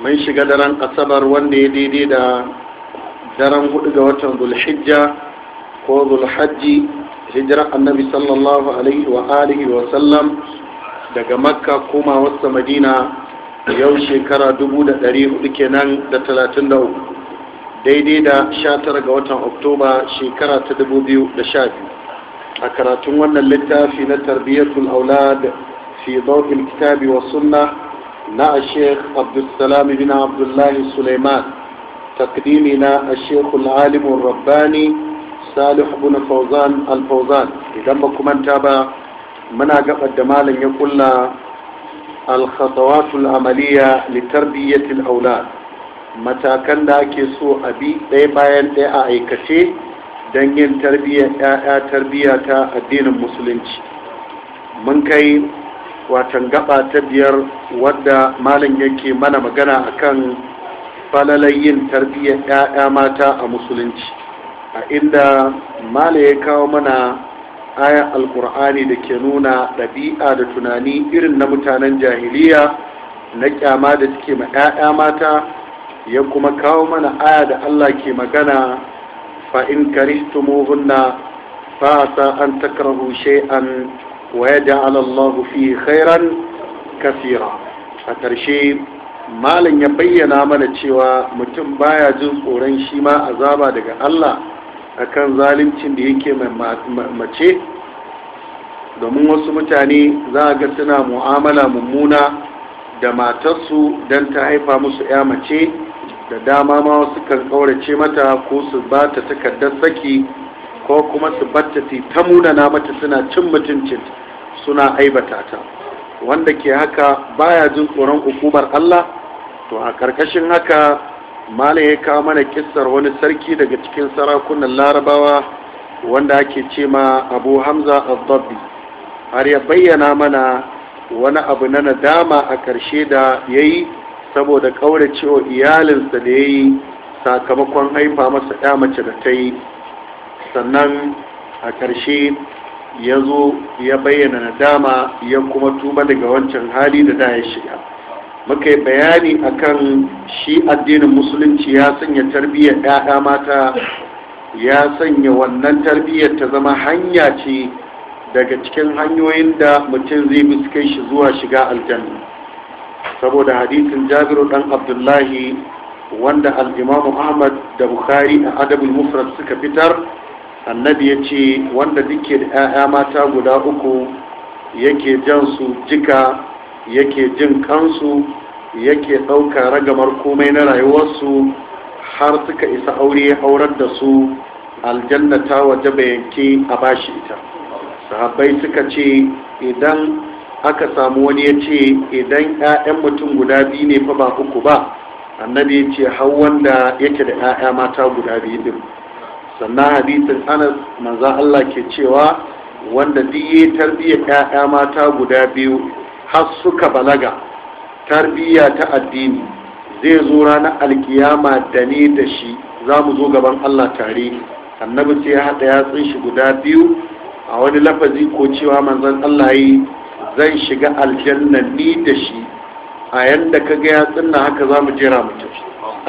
mun shiga daren asabar wanda ya daidai da daren hudu ga watan zulhijja ko zulhajji hijirar annabi sallallahu alaihi wa alihi wa sallam daga makka koma wasu madina yau shekara dubu da dari hudu kenan da talatin da uku daidai da sha tara ga watan oktoba shekara ta dubu biyu da sha biyu a karatun wannan littafi na tarbiyyatul aulad fi zaukin kitabi wa sunna Na'a a sheikh abdulsalam bin abdullahi suleiman takdimi na a sheikhul rabbani salih bin fauzan al-fauzan idan ba kumanta ba muna gabar da malam ya ƙulla alkhatawatul amaliya li tarbiyatil matakan da ake so a bi ɗaya bayan ɗaya a aikace don yin tarbiyya ta addinin musulunci mun kai watan gaba ta biyar wadda malam yake mana magana akan falalayin tarbiyyar 'ya'ya mata a musulunci a inda malam ya kawo mana aya alkur'ani da ke nuna ɗabi'a da tunani irin na mutanen jahiliya na kyama da suke ma 'ya'ya mata ya kuma kawo mana aya da allah ke magana fa'in karistumuhunna ba sa an takarhu shay'an ويجعل الله فيه خيرا كثيرا ƙarshe, malam ya bayyana mana cewa mutum baya jin tsoron shi ma azaba daga Allah akan zaluncin da yake mace domin wasu mutane za a ga suna mu'amala mummuna da matarsu don ta haifa musu ya mace da dama ma wasu kan kaurace mata ko su ba ta takardar saki ko kuma su batta ta na mata suna cin mutuncin suna aibata ta wanda ke haka baya jin tsoron hukumar Allah to a karkashin haka mala ya kawo mana kissar wani sarki daga cikin sarakunan larabawa wanda ake ce ma abu hamza al-dabbi har ya bayyana mana wani abu na nadama a karshe da ya yi saboda wa iyalinsa da ya yi sakamakon haifa masa ya mace da ta yi sannan a ƙarshe ya zo ya bayyana nadama ya kuma tuba daga wancan hali da da ya shiga muka yi bayani akan shi addinin musulunci ya sanya tarbiyyar 'ya'ya mata ya sanya wannan tarbiyyar ta zama hanya ce daga cikin hanyoyin da mutum zai bi shi zuwa shiga aljanna saboda hadisin jabiru dan abdullahi wanda al-imamu ahmad da bukhari a adabul mufrad suka fitar annabi ya ce wanda duke da 'ya'ya mata guda uku yake jan su jika yake jin kansu yake ɗauka ragamar komai na rayuwarsu har suka isa aure aurar da su aljannata waje waje yanke a bashi ita sahabbai suka ce idan aka samu wani ya ce idan 'ya'yan mutum guda biyu ne fa ba uku ba annabi ya ce hau wanda yake da 'ya'ya mata guda biyu din sannan hadisin anas manzan allah ke cewa wanda diye tarbiyyar 'ya'ya mata guda biyu har suka balaga tarbiyya ta addini zai zo ranar alkiyama da ne da shi za mu zo gaban allah tare annabi sai ya haɗa yatsun shi guda biyu a wani lafazi ko cewa manzan allah yi zan shiga aljanna ni da shi a yanda ka ga yatsun na haka za mu jira mu tafi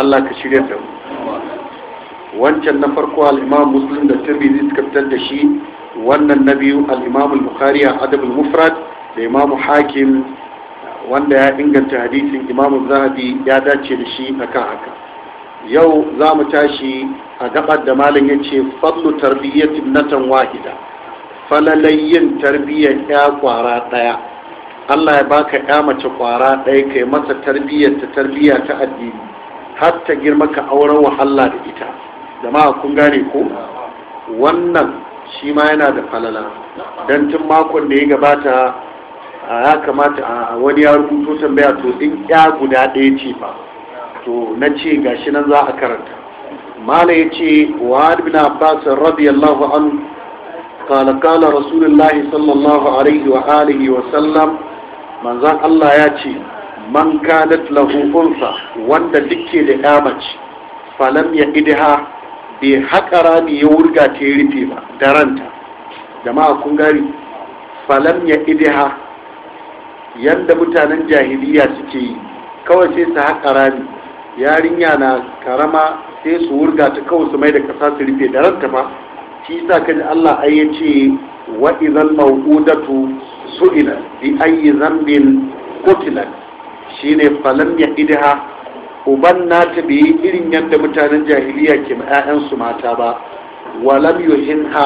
allah ka shirya ta mu wancan na farko al muslim da tirmidhi suka fitar da shi wannan na biyu Alimamul al-bukhari a adab al-mufrad da imam hakim wanda ya inganta hadisin imam zahabi ya dace da shi akan haka yau za mu tashi a gabar da malam ya ce fadlu tarbiyyatin natan wahida falalayin tarbiyyar ya kwara daya Allah ya baka ya mace kwara ɗaya kai masa tarbiyyar ta tarbiyya ta addini har ta girma ka aure wa Allah da ita jama'a kun gane ko wannan shi ma yana da falala don tun makon da ya gabata ya kamata a wani ya rubuto tambaya to in ya guda ɗaya ce fa to na ce gashi nan za a karanta mala ya ce wa ibn abbas radiyallahu anhu قال قال رسول الله صلى الله عليه وآله وسلم من ذا الله ياتي من كانت له أنثى وند دكي لآمج فلم يئدها bai eh, haƙa rami ya wurga ta ya rufe ba da ranta jama'a kun gari falam ya idiha yadda mutanen jahiliya suke yi kawai sai su haƙa rami yarinya na karama sai su wurga ta kawai su mai da kasa su rufe da ranta ba shi sa kaji Allah ai ya ce wa idan mawqudatu su'ila bi ayyi dhanbin shi shine falam ya idiha uban nata bai yi irin yadda mutanen jahiliya ke ma 'ya'yansu mata ba walam ha.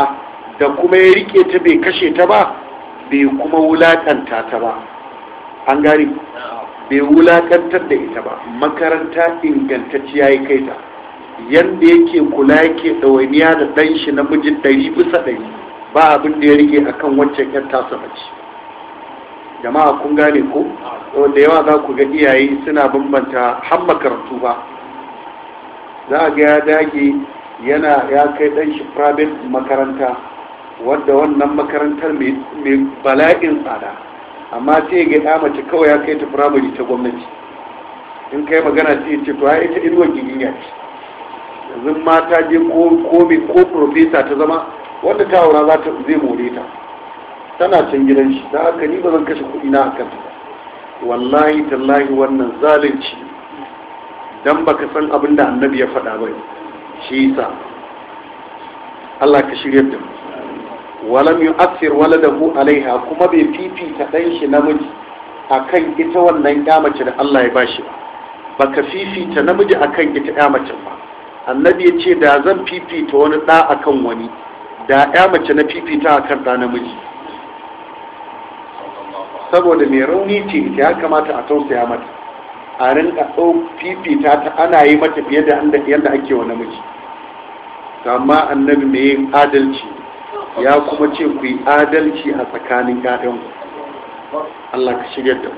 da kuma ya rike ta bai kashe ta ba bai kuma wulakanta ta ba an gari bai wulakantar da ita ba makaranta ingantacciya ya kai ta yadda yake kula yake ɗawainiya da ɗan shi na mijin ɗari bisa ɗari ba abin da ya rike akan wancan 'yan tasa mace jama'a kun gane ko da yawa za ku ga iyaye suna bambanta har makarantu ba za a ga ya dage yana ya kai dan shi private makaranta wadda wannan makarantar mai bala'in tsada amma sai ga ɗa mace kawai ya kai ta firamari ta gwamnati in kai magana ce ce to ya ita inuwar ce yanzu mata je ko ko ko profesa ta zama wanda ta aura za ta zai more ta tana can gidan shi ta haka ni ba zan kashe kuɗi na akan wallahi tallahi wannan zalunci dan ka san abin da annabi ya faɗa ba shi yasa Allah ka shirya da walam yu'athir waladahu alaiha kuma bai fifita dan shi namiji akan ita wannan ya mace da Allah ya bashi ba baka fifita namiji akan ita ya mace ba annabi ya ce da zan fifita wani ɗa akan wani da ya mace na fifita akan ɗa namiji saboda mai rauni ce ya kamata a tausaya mata a rinka fifita ta ana yi mata fiye da yadda ake wa namiji amma annabi mai yin adalci ya kuma ce ku yi adalci a tsakanin ƴaƴan Allah ka shirya da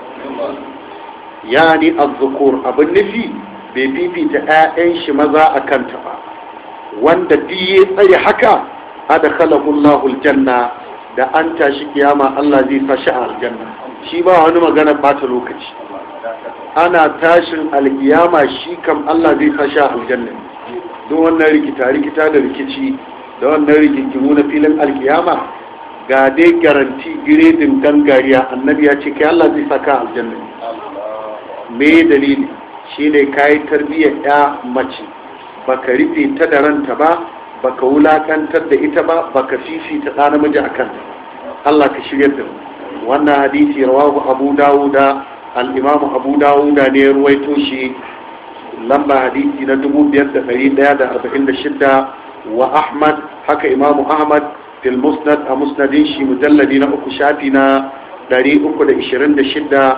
ya ni azzukur abin nufi bai fifita ƴaƴan shi maza a kanta ba wanda biye tsaye haka adkhalahu Allahu janna da an tashi kiyama Allah zai sa shi a aljanna shi ba wani magana bata lokaci ana tashin alkiyama shi kam Allah zai tashi a aljanna don wannan rikita rikita da rikici da wannan rigingimu na filin alkiyama ga dai garanti giredin gangariya annabi ya ce kai Allah zai saka aljanna me dalili shine kayi tarbiyyar ya mace baka rufe ta da ranta ba baka wulakantar da ita ba baka fifita ɗa namiji kanta. Allah ka shirya da mu wannan hadisi rawahu abu dawuda al-imam abu dawuda ne ruwaito shi lamba hadisi na 5146 wa ahmad haka imam ahmad fil musnad a musnadin shi mujalladi na uku shafi na 326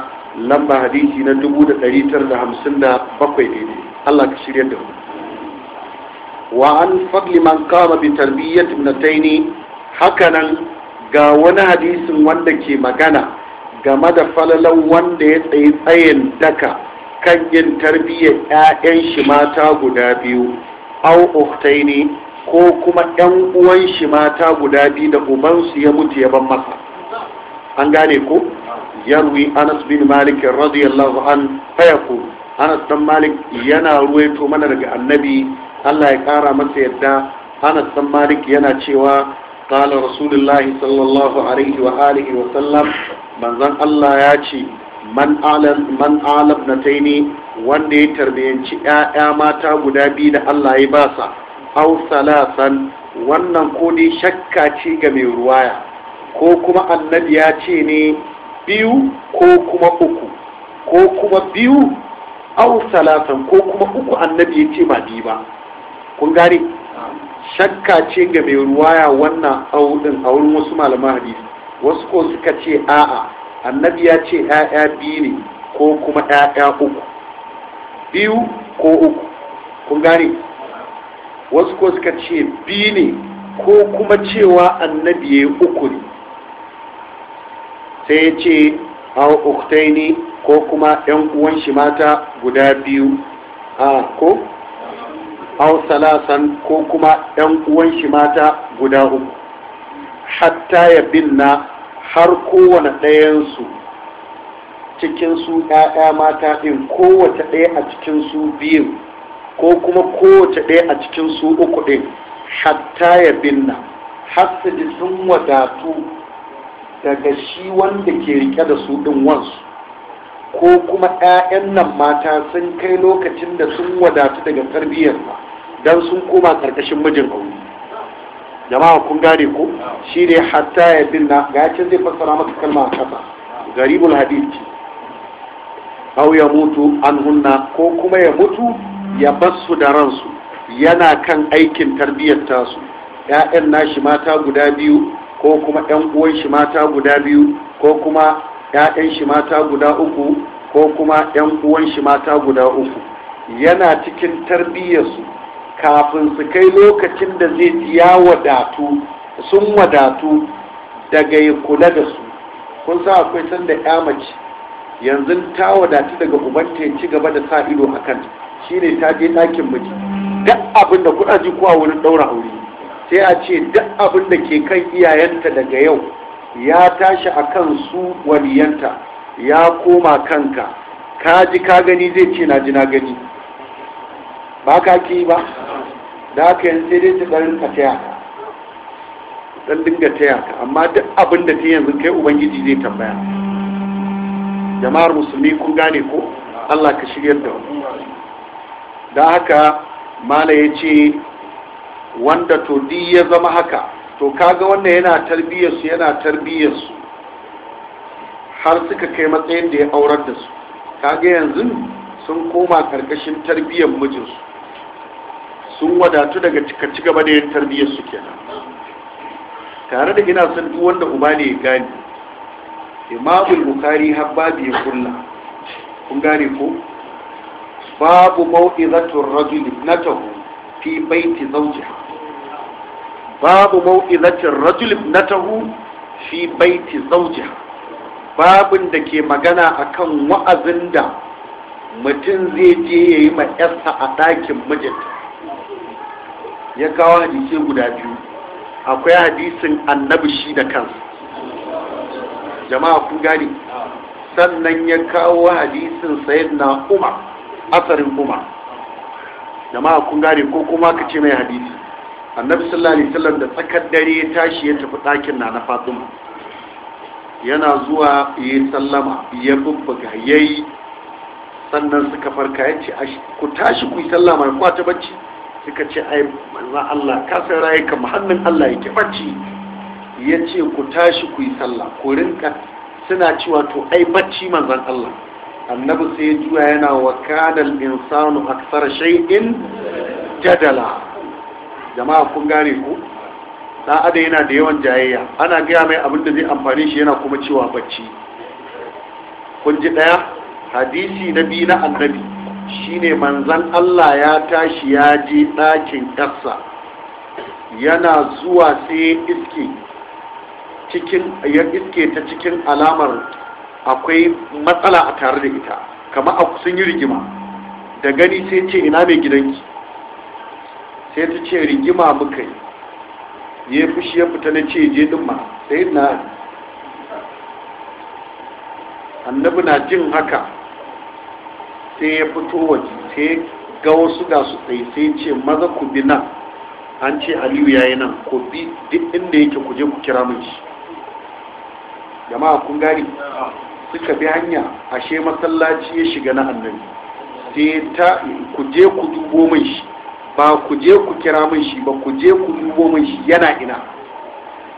lamba hadisi na 1957 daidai Allah ka shirya da mu fadli man qama bi بتربية ibnataini hakanan. ga wani hadisin wanda ke magana game da falalan wanda ya tsaye tsayin daka kan yin tarbiyyar 'ya'yan shi mata guda biyu au uktaini ko kuma 'yan uwan shi mata guda biyu da ubansu ya mutu ya ban masa an gane ko yarwi anas bin malik radiyallahu an fayaku anas dan malik yana ruwaito mana daga annabi allah ya kara masa yadda anas dan malik yana cewa قال رسول الله صلى الله عليه وآله وسلم من ذن الله ياتي man alam man wanda ya tarbiyanci ƴaƴa mata guda biyu da Allah ya ba sa aw salasan wannan ko dai shakka ce ga mai ruwaya ko kuma annabi ya ce ne biyu ko kuma uku ko kuma biyu aw salasan ko kuma uku annabi ya ce ba biyu ba kun gane shakka ce ga mai ruwaya wannan audin a wurin wasu malaman hadisi wasu ko suka ce a'a annabi ya ce 'ya'ya biyu ne ko kuma 'ya'ya uku biyu ko uku kun gane wasu ko suka ce biyu ne ko kuma cewa annabi ya yi uku ne sai ya ce aw ne ko kuma 'yan uwan shi mata guda biyu a ko aw salasan ko kuma ɗan uwan shi mata guda uku hatta ya binna har kowane ɗayansu cikin su ‘ya'ya mata ɗin kowace ɗaya a cikin su biyu ko kuma kowace ɗaya a cikin su uku ɗin hatta ya binna har su ji sun wadatu daga shi wanda ke rike da su ɗin wansu ko kuma ‘ya'yan nan mata sun kai lokacin da sun wadatu daga tarbiyyar ba dan sun koma karkashin mijin aure jama'a kun gane ko shi ne hatta ya binna, ga ya zai fassara maka kalma a kasa garibul hadith aw ya mutu an hunna ko kuma ya mutu ya basu da ransu yana kan aikin tarbiyyar tasu ƴaƴan nashi mata guda biyu ko kuma ƴan uwan shi mata guda biyu ko kuma ƴaƴan shi mata guda uku ko kuma ƴan uwan shi mata guda uku yana cikin tarbiyyarsu kafin su kai lokacin da zai ji ya wadatu sun wadatu daga ya kula da su kun sa akwai sanda ya mace yanzu ta wadatu daga ubanta ya ci gaba da sa ido a kan shine ta je ɗakin miji duk abin da kuna ji kuwa wurin ɗaura aure sai a ce duk abin da ke kan iyayenta daga yau ya tashi a kan su waliyanta ya koma kanka ka ji ka gani zai ce na ji na gani ba ka ki ba da haka yanzu sai dai ta ɗan ka taya ɗan dinga taya ka amma duk abin da ta yanzu kai ubangiji zai tambaya jama'ar musulmi kun gane ko allah ka shiryar da wani da haka mala ya ce wanda to di ya zama haka to kaga wannan yana tarbiyyarsu yana tarbiyyarsu har suka kai matsayin da ya aurar da su kaga yanzu sun koma karkashin tarbiyyar mijinsu sun wadatu daga cika gaba da yin tarbiyyar su ke tare da ina sun duk wanda uba ne ya gani imamul har babu ya kulla kun gane ko babu na rajuli ibnatahu fi baiti zawjiha babu na rajuli ibnatahu fi baiti zawjiha babin da ke magana akan wa'azin da mutum zai je ya yi ma'yarsa a ɗakin mijinta ya kawo hadisai guda biyu akwai hadisin annabi shi da kansa jama'a kun gani sannan ya kawo hadisin na umar asarin umar jama'a kun gane ko kuma ka ce mai hadisi annabi sallallahu alaihi wasallam da tsakar dare ya tashi ya tafi ɗakin na na fatima yana zuwa ya sallama ya bubbuga yayi sannan suka farka ya ce ku tashi ku yi sallama ku ta bacci suka ce ai manzan Allah kasar rayuka hannun Allah ya bacci ya ce ku tashi ku yi sallah ku rinka suna cewa to ai bacci manzan Allah annabi sai ya juya yana wa kanal insanu aksar shay'in jadala jama'a kun gane ku dan ada yana da yawan jayayya ana gaya mai abin da zai amfani shi yana kuma cewa bacci kun ji daya hadisi na biyu na annabi shine manzan Allah ya tashi ya ji ɗakin ƙasa yana zuwa sai iske cikin ya iske ta cikin alamar akwai matsala a tare da ita kama a sun yi rigima da gani sai ce ina mai gidanki sai ta ce rigima muka yi ya fushi ya fita na ce je ɗin ma sai na annabi na jin haka sai ya fito waje sai ga wasu ga su tsaye sai ce maza ku bi nan an ce aliyu ya yi nan ku bi duk inda yake ku je ku kira min shi jama'a kun gari suka bi hanya ashe masallaci ya shiga na annabi sai ta ku je ku dubo min shi ba ku je ku kira min shi ba ku je ku dubo min shi yana ina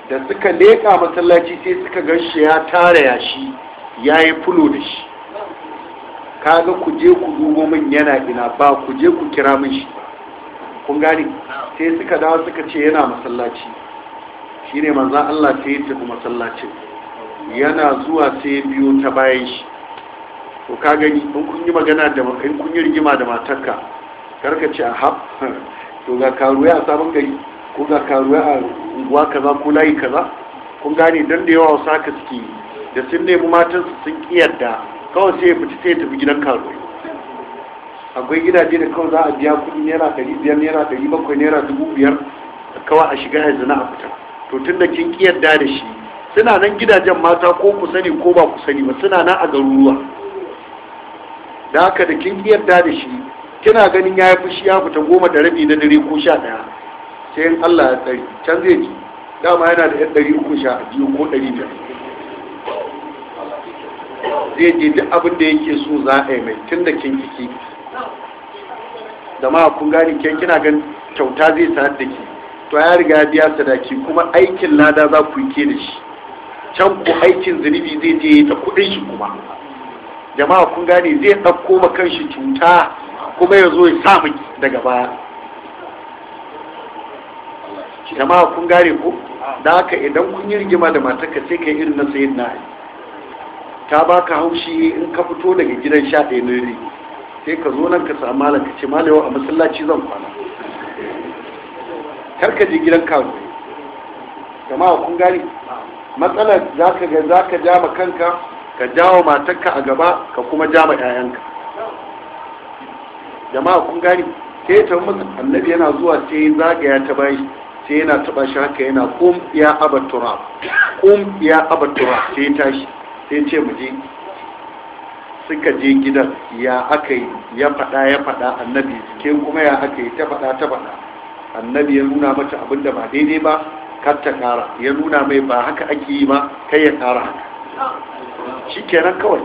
da suka leka masallaci sai suka gan ya tara yashi ya yi fulo da shi kaga ku je ku dubo min yana ina ba ku je ku kira min shi kun gani sai suka dawo suka ce yana masallaci shine manzon Allah sai ya tafi masallacin yana zuwa sai ya biyo ta bayan shi to ka gani in kun yi magana da in kun yi rigima da matarka karka ce a hab to ga karuwa a sabon gari ko ga karuwa a unguwa kaza ko layi kaza kun gane dan da yawa wasu haka suke da sun nemi matan sun sun kiyarda kawai sai ya fita sai ya tafi gidan karuwa akwai gidaje da kawai za a biya kudi naira ɗari biyar naira ɗari bakwai naira dubu biyar kawai a shiga yanzu na a fita to tun da kin kiyarda da shi suna nan gidajen mata ko ku sani ko ba ku sani ba suna nan a garuruwa da haka da kin kiyarda da shi kina ganin ya yi fushi ya fita goma da rabi na dare ko sha ɗaya sai in allah ya tsari can zai ji dama yana da yan ɗari uku sha biyu ko ɗari biyar zai je duk abin da yake so za a yi mai tun da kin kiki da ma kun gani ke kina gan kyauta zai sanar da ke to ya riga biya sadaki kuma aikin lada za ku ke da shi can ku aikin zunubi zai je da kuɗin shi kuma jama'a kun gane zai ɗauko ma kanshi cuta kuma ya zo ya samu daga baya jama'a kun gane ko da haka idan kun yi rigima da matarka sai ka yi irin na sayin na ta ba ka haushi in ka fito daga gidan sha ɗaya na yi sai ka zo nan ka samu malam ka ce malam a masallaci zan kwana kar ka je gidan kawo jama'a kun gani matsalar za ka ga za ka jama kanka ka jawo matarka a gaba ka kuma ja ma 'ya'yanka jama'a kun gani sai ta musu annabi yana zuwa sai zagaya ta bayi sai yana taba shi haka yana kum ya abatura kum ya abatura sai tashi sai ce mu je suka je gidan ya aka yi ya faɗa ya faɗa annabi ke kuma ya aka yi ta faɗa ta faɗa annabi ya nuna mata abin da ba daidai ba kar ta ƙara ya nuna mai ba haka ake yi ba kai ya ƙara haka shi kenan kawai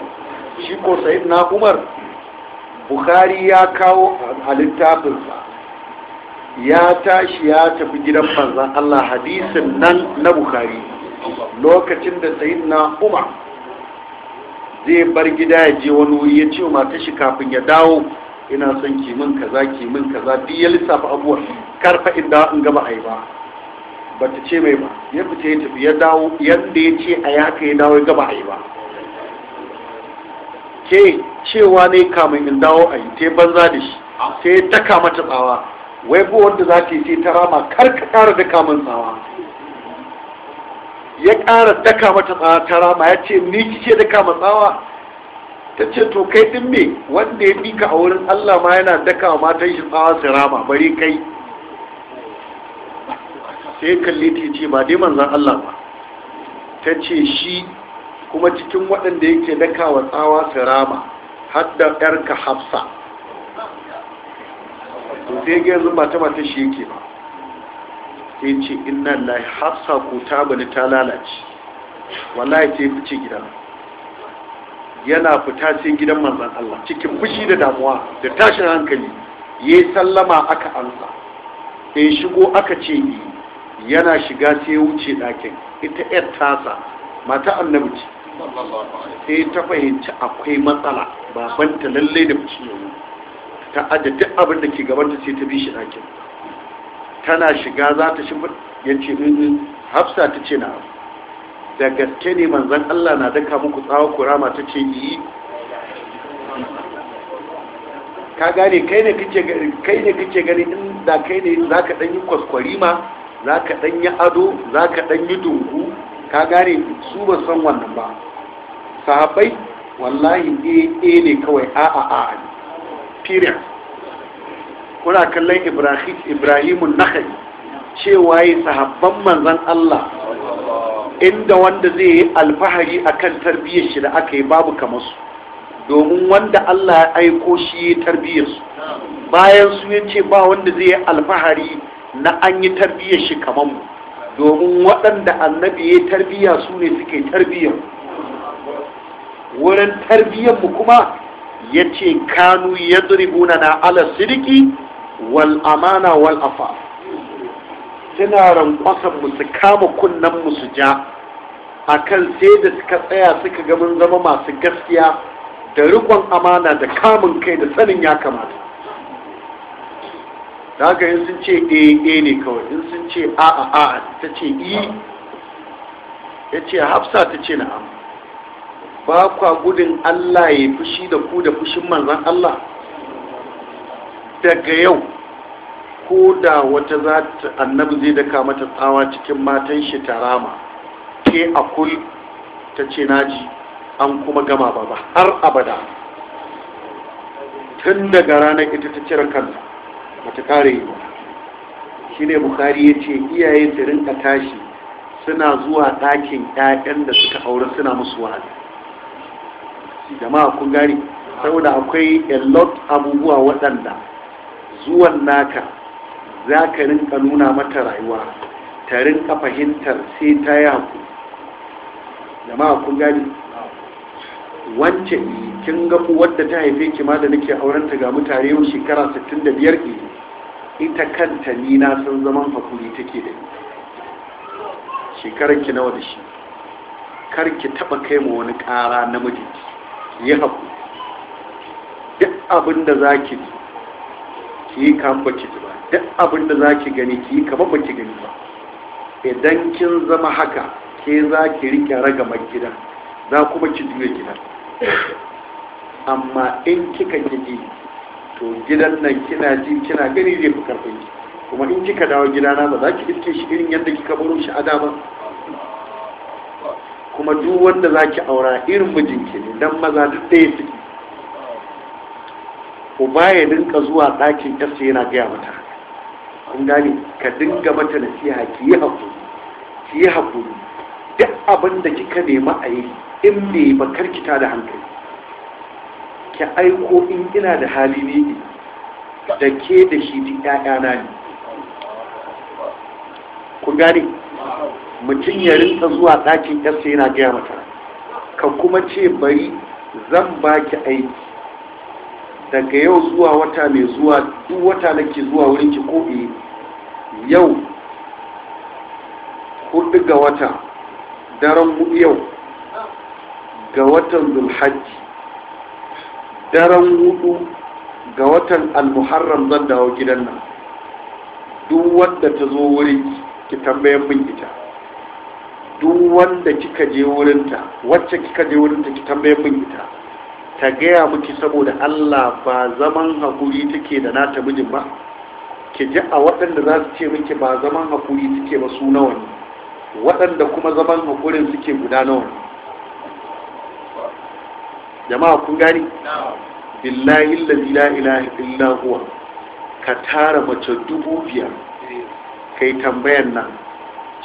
shi ko sai na umar bukhari ya kawo a littafinsa ya tashi ya tafi gidan manzan allah hadisin nan na bukhari lokacin da sayyidina na umar zai bar gida ya je wani wuri ya ce mata shi kafin ya dawo ina son kimin kaza kimin kaza duk ya lissafa abubuwa karfa inda in gaba a yi ba ba ta ce mai ba ya fita ya tafi ya dawo yadda ya ce a ka ya dawo ya gaba a yi ba ke cewa ne kamun in dawo a yi ta banza da shi sai ta kama ta tsawa wai bu wanda za ta yi sai ta rama kar ka kara da kamun tsawa ya ƙara daka mata tsara, ma ya ce ni kike daka ma tsawa ta ce to kai din me wanda ya bika a wurin Allah ma yana daka wa matan shi tsawa su rama bari kai sai kalli ta ce ba dai manzan Allah ba ta ce shi kuma cikin waɗanda yake daka wa tsawa su rama har da ƴarka hafsa to sai ga yanzu mata mata shi yake ba sai ce inna lai hafsa ko ta bani ta lalace wallahi sai fice gidan yana fita sai gidan manzan Allah cikin fushi da damuwa da tashin hankali yi sallama aka ansa In shigo aka ce ni yana shiga sai wuce ɗakin ita yar tasa mata annabi sai ta fahimci akwai matsala babanta lallai da fushi ta aje duk abin da ke gabanta sai ta bi shi ɗakin tana shiga za ta shi ya ce mm, mm. hafsa ta ce na da gaske ne manzan Allah na daka muku tsawa kurama ta ce yi ka gane kai ne kake gani in da kai ne za ka ɗanyi kwaskwarima za ka ɗanyi ado za ka ɗanyi dungu ka gane su ba san wannan ba Sahabai? wallahi eh, eh ne kawai a a a period kuna kallon Ibrahimu ibrahimun cewa sahabban manzan Allah inda wanda zai yi alfahari akan tarbiyyar shi da aka yi babu kamar su domin wanda Allah ya aiko shi ya tarbiyyar su bayan su ya ce ba wanda zai yi alfahari na an yi tarbiyyar shi kamar mu domin waɗanda annabi ya tarbiyya su ne suke tarbiyyar wurin tarbiyyar mu kuma ya ce kanu ya na ala sidiki wal amana wal afa suna rankwasan mu su kama kunnen mu su ja akan sai da suka tsaya suka ga mun zama masu gaskiya da rikon amana da kamun kai da sanin ya kamata daga in sun ce a eh, eh ne kawai in sun ce a a a ta ce i ya ce hafsa ta ce na'am ba kwa gudun allah ya fushi da ku da fushin manzan allah daga yau ko da wata za ta annabi zai daka mata tsawa cikin matan shi ta rama ke akul ta ce naji an kuma gama ba ba har abada tun daga ranar ita ta cire kanta mata kare yi ba shi ne bukari ya ce iyaye ta rinka tashi suna zuwa ɗakin 'ya'yan da suka aure suna musu Da jama'a kun gari saboda akwai a lot abubuwa waɗanda zuwan naka za ka rinka nuna mata rayuwa ta rinka fahimtar sai ta yi haku jama'a kun gani wance kin ga wadda ta haife ki ma da nake auren ta ga mutare yau shekara 65 ke ita kanta ni na san zaman hakuri take da ni shekarar ki nawa da shi kar ki taba kai ma wani kara namiji ki yi haku duk abin da za ki ji ki yi kamar baki ba duk abin da za ki gani ki yi kamar gani ba idan kin zama haka ke za ki rike ragamar gida za kuma ki jure gidan amma in kika gidi to gidan nan kina ji kina gani zai fi karfin ki kuma in kika dawo gidana ba za ki iske shi irin yadda kika baro shi a ba kuma duk wanda za ki aura irin mijinki ne dan maza duk ɗaya suke uba ya dinka zuwa ɗakin yarsa yana gaya mata an gane ka dinga mata nasiha ki yi haƙuri ki yi haƙuri duk abin da kika nema a yi in ne ba ta da hankali ki aiko in ina da hali ne da ke da shi duk ƴaƴana ne ku gane mutum ya rinka zuwa ɗakin yarsa yana gaya mata ka kuma ce bari zan baki aiki daga yau zuwa wata mai zuwa duk wata ke zuwa wurin ki ko e? yau hudu ga wata daren hudu yau ga watan zulhajji daren hudu ga watan almuharram zan dawo gidan nan duk wanda ta zo wurin ki tambayan min ita duk wanda kika je wurinta wacce kika je wurinta ki tambayan min ita ta gaya miki saboda Allah ba zaman hakuri take da nata mijin ba ki ji a waɗanda za su ce miki ba zaman hakuri suke ba su nawa ne waɗanda kuma zaman hakurin suke guda nawa ne jama'a kun gani billahi allazi la ilaha illa huwa ka tara mace dubu biyar kai tambayan nan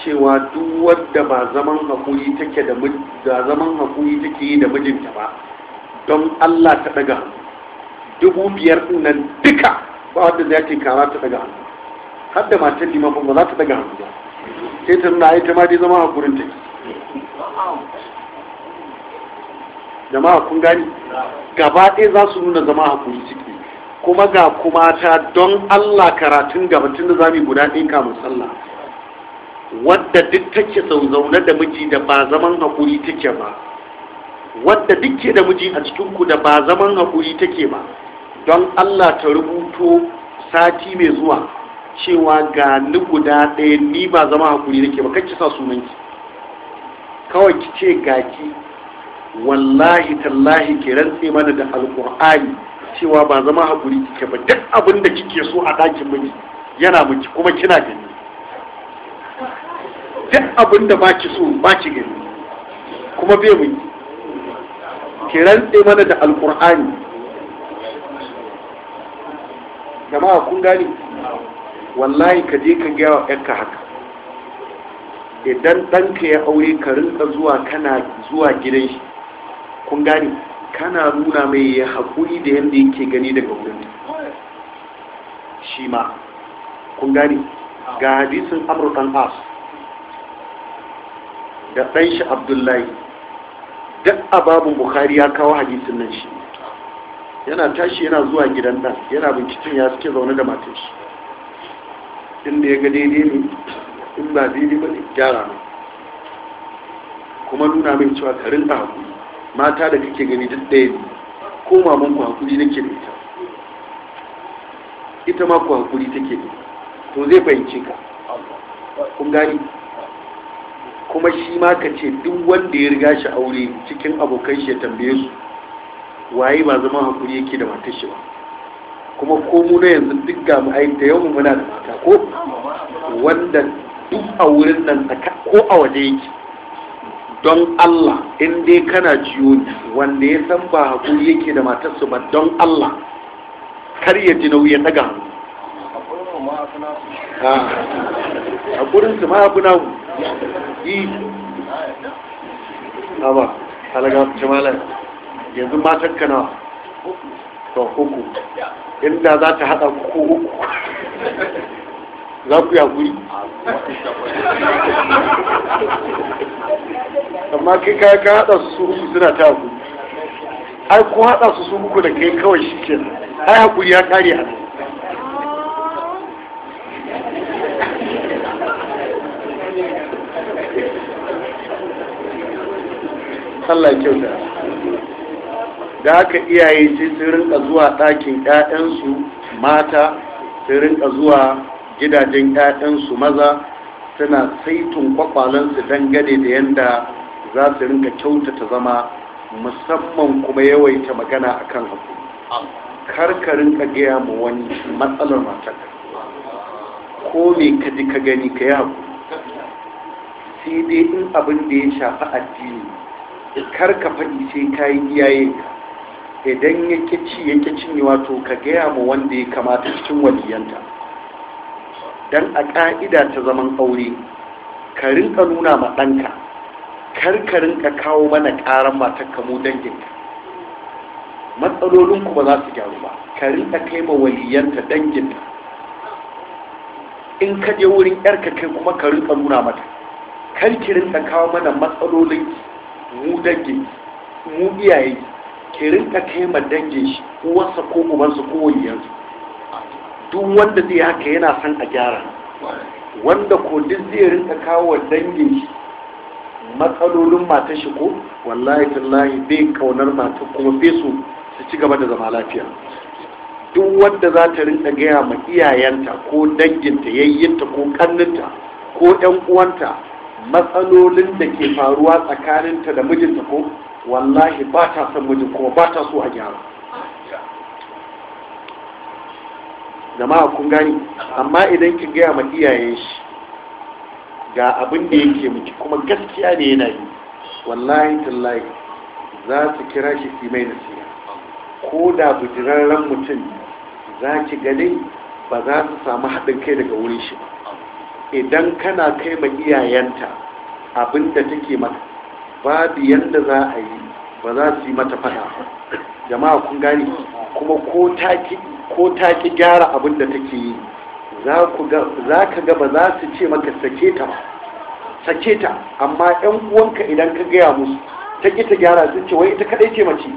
cewa duk wadda ba zaman hakuri take da zaman hakuri take yi da mijinta ba don Allah ta daga dubu biyar nan duka ba wanda zai ce kara ta daga hannu har da matan liman ba za ta daga hannu ba sai ta nuna ita ma dai zama a gurin take jama'a kun gani gaba ɗaya za su nuna zama hakuri ciki kuma ga kuma ta don Allah karatun gaba tun da za mu guda ɗin kamun sallah wadda duk take zaune da miji da ba zaman haƙuri take ba wadda dukke da miji a cikinku da ba zaman haƙuri take ba don Allah ta rubuto sati mai zuwa cewa ga ni guda ɗaya ni ba zama haƙuri nake ba kacce sa sunanki kawai ki ce gaki wallahi tallahi ke rantse mana da alƙur'ani cewa ba zama haƙuri kike ba duk abin da kike so a ɗakin miki yana miki kuma kina gani duk abin da ba ki so ba ki gani kuma bai miki ki rantse mana da alkur'ani jama'a kun gani wallahi ka je ka gaya wa yanka haka idan ɗanka ya aure ka rinka zuwa kana zuwa gidan shi kun gani kana nuna mai ya haƙuri da yadda yake gani daga wurin shi ma kun gani ga hadisin Amurkan as da ɗan shi abdullahi duk a babin ya kawo hadisin nan shi yana tashi yana zuwa gidan nan yana binciken ya suke zaune da matan shi inda ya ga daidai ne in ba daidai ba ne gyara ne kuma nuna mai cewa karin da hakuri mata da kake gani duk ɗaya ne ko maman ku hakuri nake da ita ita ma ku hakuri take ne to zai fahimce ka kun gani kuma shi ma ka ce duk wanda ya riga shi aure cikin abokan shi ya tambaye su waye ba zama hakuri yake da matar shi ba kuma ko mu na yanzu duk ga mu ai da yau muna da mata ko wanda duk a wurin nan ko a waje yake don Allah in dai kana jiyo wanda ya san ba hakuri yake da matar su ba don Allah kar ya ji nauyi ya daga hannu a gurin ah, su ma abu namu yi talaga halaga jamala yanzu matan kana nawa to uku inda za ta haɗa ku uku za ku ya guri amma kai ka ka haɗa su su uku suna ta ku ai ku haɗa su su uku da kai kawai shi ke ai hakuri ya ƙari a nan sallah kyauta da haka iyaye ce su rinka zuwa ɗakin 'ya'yansu mata su rinka zuwa gidajen 'ya'yansu maza suna saitun kwakwalansu dangane da yadda za su rinka kyautata zama musamman kuma yawaita magana akan kan kar ka rinka gaya ma wani matsalar matarka ko me ka ji ka gani ka yi haku sai dai in abin da ya shafi addini kar ka faɗi sai ka yi iyaye idan ya kici ya ne wato ka gaya ma wanda ya kamata cikin waliyanta don a ƙa'ida ta zaman aure ka rinka nuna ma ɗanka kar ka rinka kawo mana ƙaran matar kamu danginka matsalolinku ba za su gyaru ba ka rinka kai ma waliyanta danginta in ka je wurin yarka kai kuma ka rinka nuna mata kar ki rinka kawo mana matsalolinki mu dange mu iyaye ke rinka kai dange shi uwarsa ko ubansa ko waliyansa duk wanda zai haka yana san a gyara wanda ko duk zai rinka kawo wa dangin shi matsalolin mata shi ko wallahi tallahi bai kaunar mata kuma bai so su ci gaba da zama lafiya duk wanda za ta rinka gaya ma iyayenta ko danginta yayyinta ko kanninta ko yan uwanta matsalolin da ke faruwa tsakaninta da mijinta ko wallahi ba ta son mijin kuma ba ta so a gyara jama'a kun gani amma idan ki gaya ma iyayen shi ga abin da yake miki kuma gaskiya ne yana yi wallahi tallahi za su kira shi fi mai nasiya. ko da bujirarren mutum za ki gani ba za su samu haɗin kai daga wurin shi ba idan kana kai ma iyayenta abinda take mata babu yanda za a yi ba za su yi mata fada jama'a kun gani kuma ko ta ki gyara abinda take yi za ka ga ba za su ce maka sake ta sake ta amma yan uwanka idan ka gaya musu ta ƙi ta gyara sun ce wai ita kadai ce mace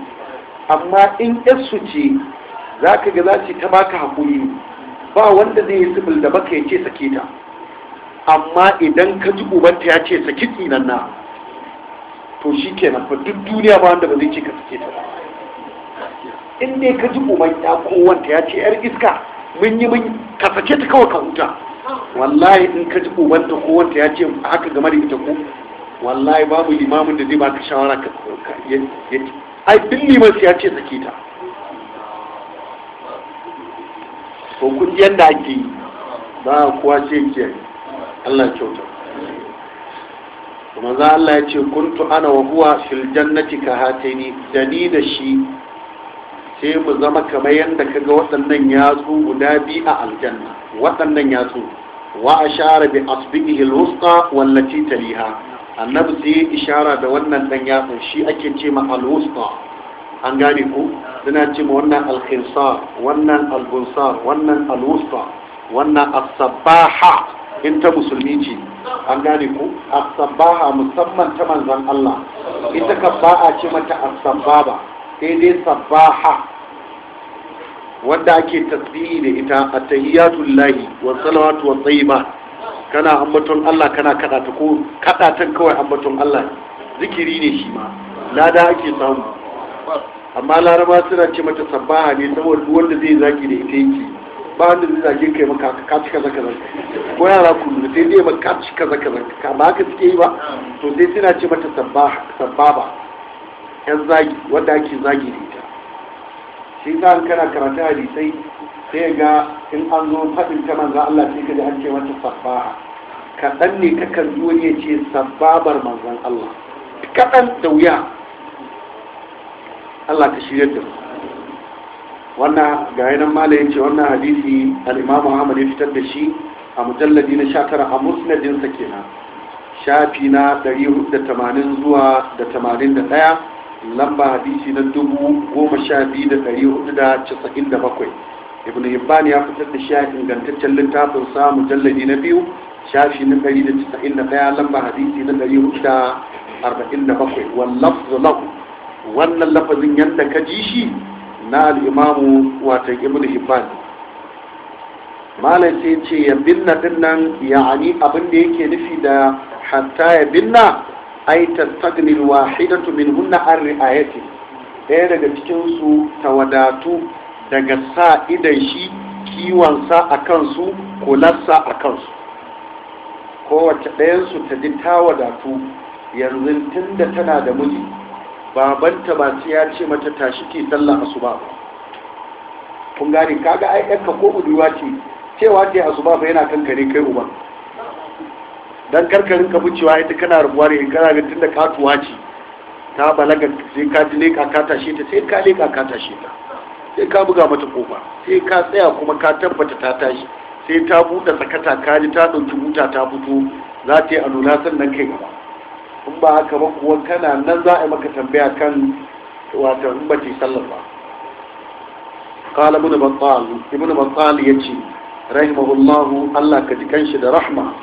amma in su ce za ka ga za su ta baka haƙuri ba wanda zai yi sibil da baka ya ce sake ta amma idan ka ji ubanta ya ce saki tsinan na to shi ke nan duk duniya ba wanda ba zai ce ka suke ta in ne ka ji ubanta ko wanta ya ce yar iska mun yi mun ka sake ta kawai ka huta wallahi in ka ji ubanta ko wanta ya ce haka game da ita ko wallahi babu limamin da zai ba ka shawara ka ai bin liman ya ce sake ta to kun ji ake yi ba kuwa ce ke Allah kyauta kuma za Allah ya ce kuntu ana wa huwa fil jannati ka hataini da ni da shi sai mu zama kamar yadda kaga waɗannan yatsu guda biyu a aljanna waɗannan yatsu wa ashara bi asbihi alwusta wallati taliha annabi sai ishara da wannan dan yatsu shi ake ce ma alwusta an gane ku suna ce ma wannan alkhinsar wannan algunsar wannan alwusta wannan asabaha in ta musulmi ce an gane ko as-sabbaha musamman ta manzan Allah ita ka ba a ce mata as-sabbaba sai dai sabbaha wanda ake tasbihi da ita at ya tullahi, wa salawatu wa tayyibat kana ambaton Allah kana kada ta ko kada ta kawai ambaton Allah zikiri ne shi ma lada ake samu amma laraba suna ce mata sabbaha ne saboda wanda zai zaki da ita yake ba wanda zai zage kai maka ka ci kaza kaza ko yara kullu sai dai maka ka ci kaza kaza ka ba ka suke yi ba to sai suna ce mata sababa yan zagi wanda ake zagi da ita shi sa an kana karatun hadisai sai ga in an zo faɗin ta manzo Allah sai ka ji an ce mata sabaha kaɗan ne kakan zuwa ne ce sababar manzon Allah kaɗan da wuya Allah ta shirya da mu wannan ga yanan malayin ce wannan hadisi al-imam ya fitar da shi a mujalladi na 19 a musnadin sa kenan shafi na 480 zuwa da 81 lamba hadisi na 12497 ibn hibban ya fitar da shi a ingantaccen littafin sa mujalladi na biyu shafi na 191 lamba hadisi na 447 wal lafzu lahu wannan lafazin yadda ka ji shi na al'imamu wata ibn hibban malam sai ce ya binna dinnan ya'ani abin da yake nufi da hatta ya binna ai tastagnil wahidatu min hunna an ri'ayati ɗaya daga cikinsu ta wadatu daga sa idan shi kiwonsa a kansu kularsa a kansu kowace ɗayansu ta ji ta wadatu yanzu tun da tana da miji babanta ba sai ya ce mata tashi ke sallah asuba ba kun gane kaga ai ɗanka ko budurwa ce cewa a asuba ba yana kan ne kai uba dan karkarin ka bucewa ita kana rubuwa ne kana ga tunda katuwa ce ta balaga sai ka ji leƙa ka tashe ta sai ka leƙa ka tashe ta sai ka buga mata kofa sai ka tsaya kuma ka tabbata ta tashi sai ta buɗe sakata ka ji ta ɗauki buta ta fito za ta yi alula sannan kai gaba in ba haka ba kuwa kana nan za a yi maka tambaya kan wata in sallar ba qala ibn battal ibn battal yace rahimahullahu Allah ka ji kanshi da rahma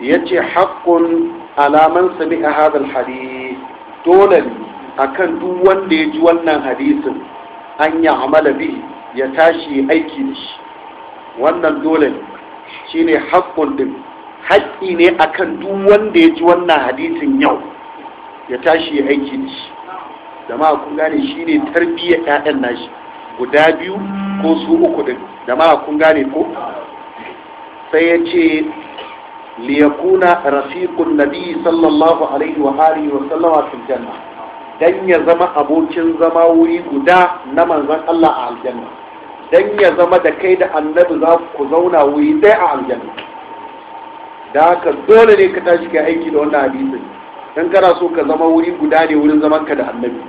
yace haqqun ala man sami'a hadha alhadith dole ne akan duk wanda ya ji wannan hadisin an ya amala bi ya tashi aiki da shi wannan dole ne shine haqqun din haƙƙi ne akan duk wanda ya ji wannan hadisin yau ya tashi ya aiki da shi jama'a kun gane shi ne tarbiyyar 'ya'yan nashi guda biyu ko su uku din jama'a kun gane ko sai ya ce liyakuna rafiqun nabi sallallahu alaihi wa alihi wa sallama fil janna dan ya zama abokin zama wuri guda na manzon Allah a aljanna dan ya zama da kai da annabi za ku zauna wuri ɗaya a aljanna da haka dole ne ka tashi ka aiki da wannan hadisin dan kana so ka zama wuri guda ne wurin zaman ka da annabi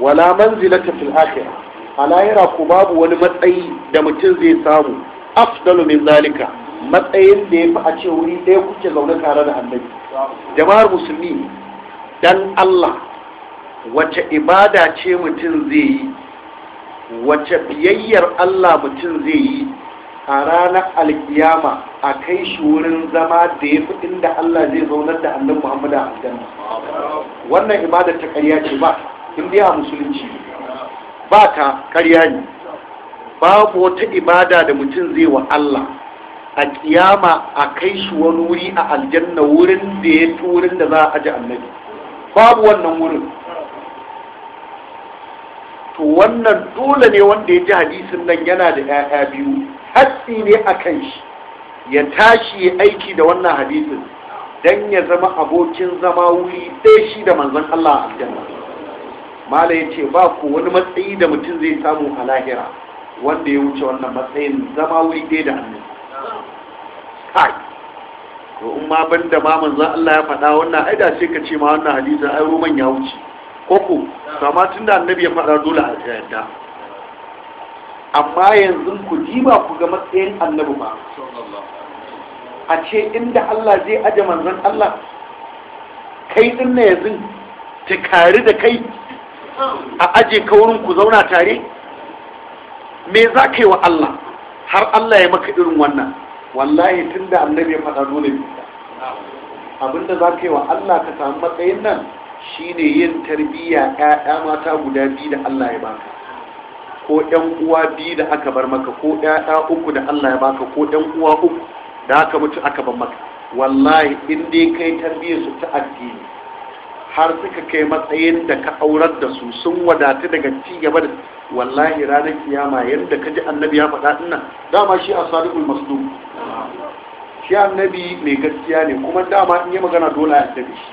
wala manzilata fil akhirah a lahira ko babu wani matsayi da mutum zai samu afdalu min zalika matsayin da yafi a ce wuri ɗaya kuke zaune tare da annabi jama'ar musulmi dan Allah wace ibada ce mutum zai yi wace biyayyar Allah mutum zai yi a ranar alkiyama a kai shi wurin zama da ya fi inda Allah zai zaunar da annan Muhammadu a aljanna wannan ibadar ta ƙarya ce ba in biya musulunci ba ta ƙarya ne babu wata ibada da mutum zai wa Allah a kiyama a kai shi wani wuri a aljanna wurin da ya fi wurin da za a aji annabi babu wannan wurin to wannan dole ne wanda ya ji hadisin nan yana da 'ya'ya biyu hatsi ne a kan shi ya tashi ya aiki da wannan hadisin don ya zama abokin zama wuri ɗaya shi da manzon Allah a aljanna mala ya ce ba ku wani matsayi da mutum zai samu a lahira wanda ya wuce wannan matsayin zama wuri ɗaya da annabi kai to in ma ban da ma manzon Allah ya faɗa wannan ai da sai ka ce ma wannan hadisin ai roman ya wuce ko ko amma tunda annabi ya faɗa dole a yarda amma yanzu ku ba ku ga matsayin annabi ba a ce inda Allah zai aje manzon Allah kai din ne yanzu tukari da kai a aje ka wurin ku zauna tare me za ka yi wa Allah har Allah ya maka irin wannan wallahi tun da annabi ya faɗa dole bisa abinda za ka yi wa Allah ka samu matsayin nan shine yin tarbiyya 'ya'ya mata guda biyu da Allah ya baka ko ɗan uwa biyu da aka bar maka ko ɗaya uku da Allah ya baka ko ɗan uwa uku da aka mutu aka bar maka wallahi in dai kai tarbiyyar su ta addini har suka kai matsayin da ka aurar da su sun wadatu daga ci gaba da wallahi ranar kiyama yadda ka ji annabi ya faɗa ina dama shi a sadiqul maslum shi annabi mai gaskiya ne kuma dama in yi magana dole a yadda shi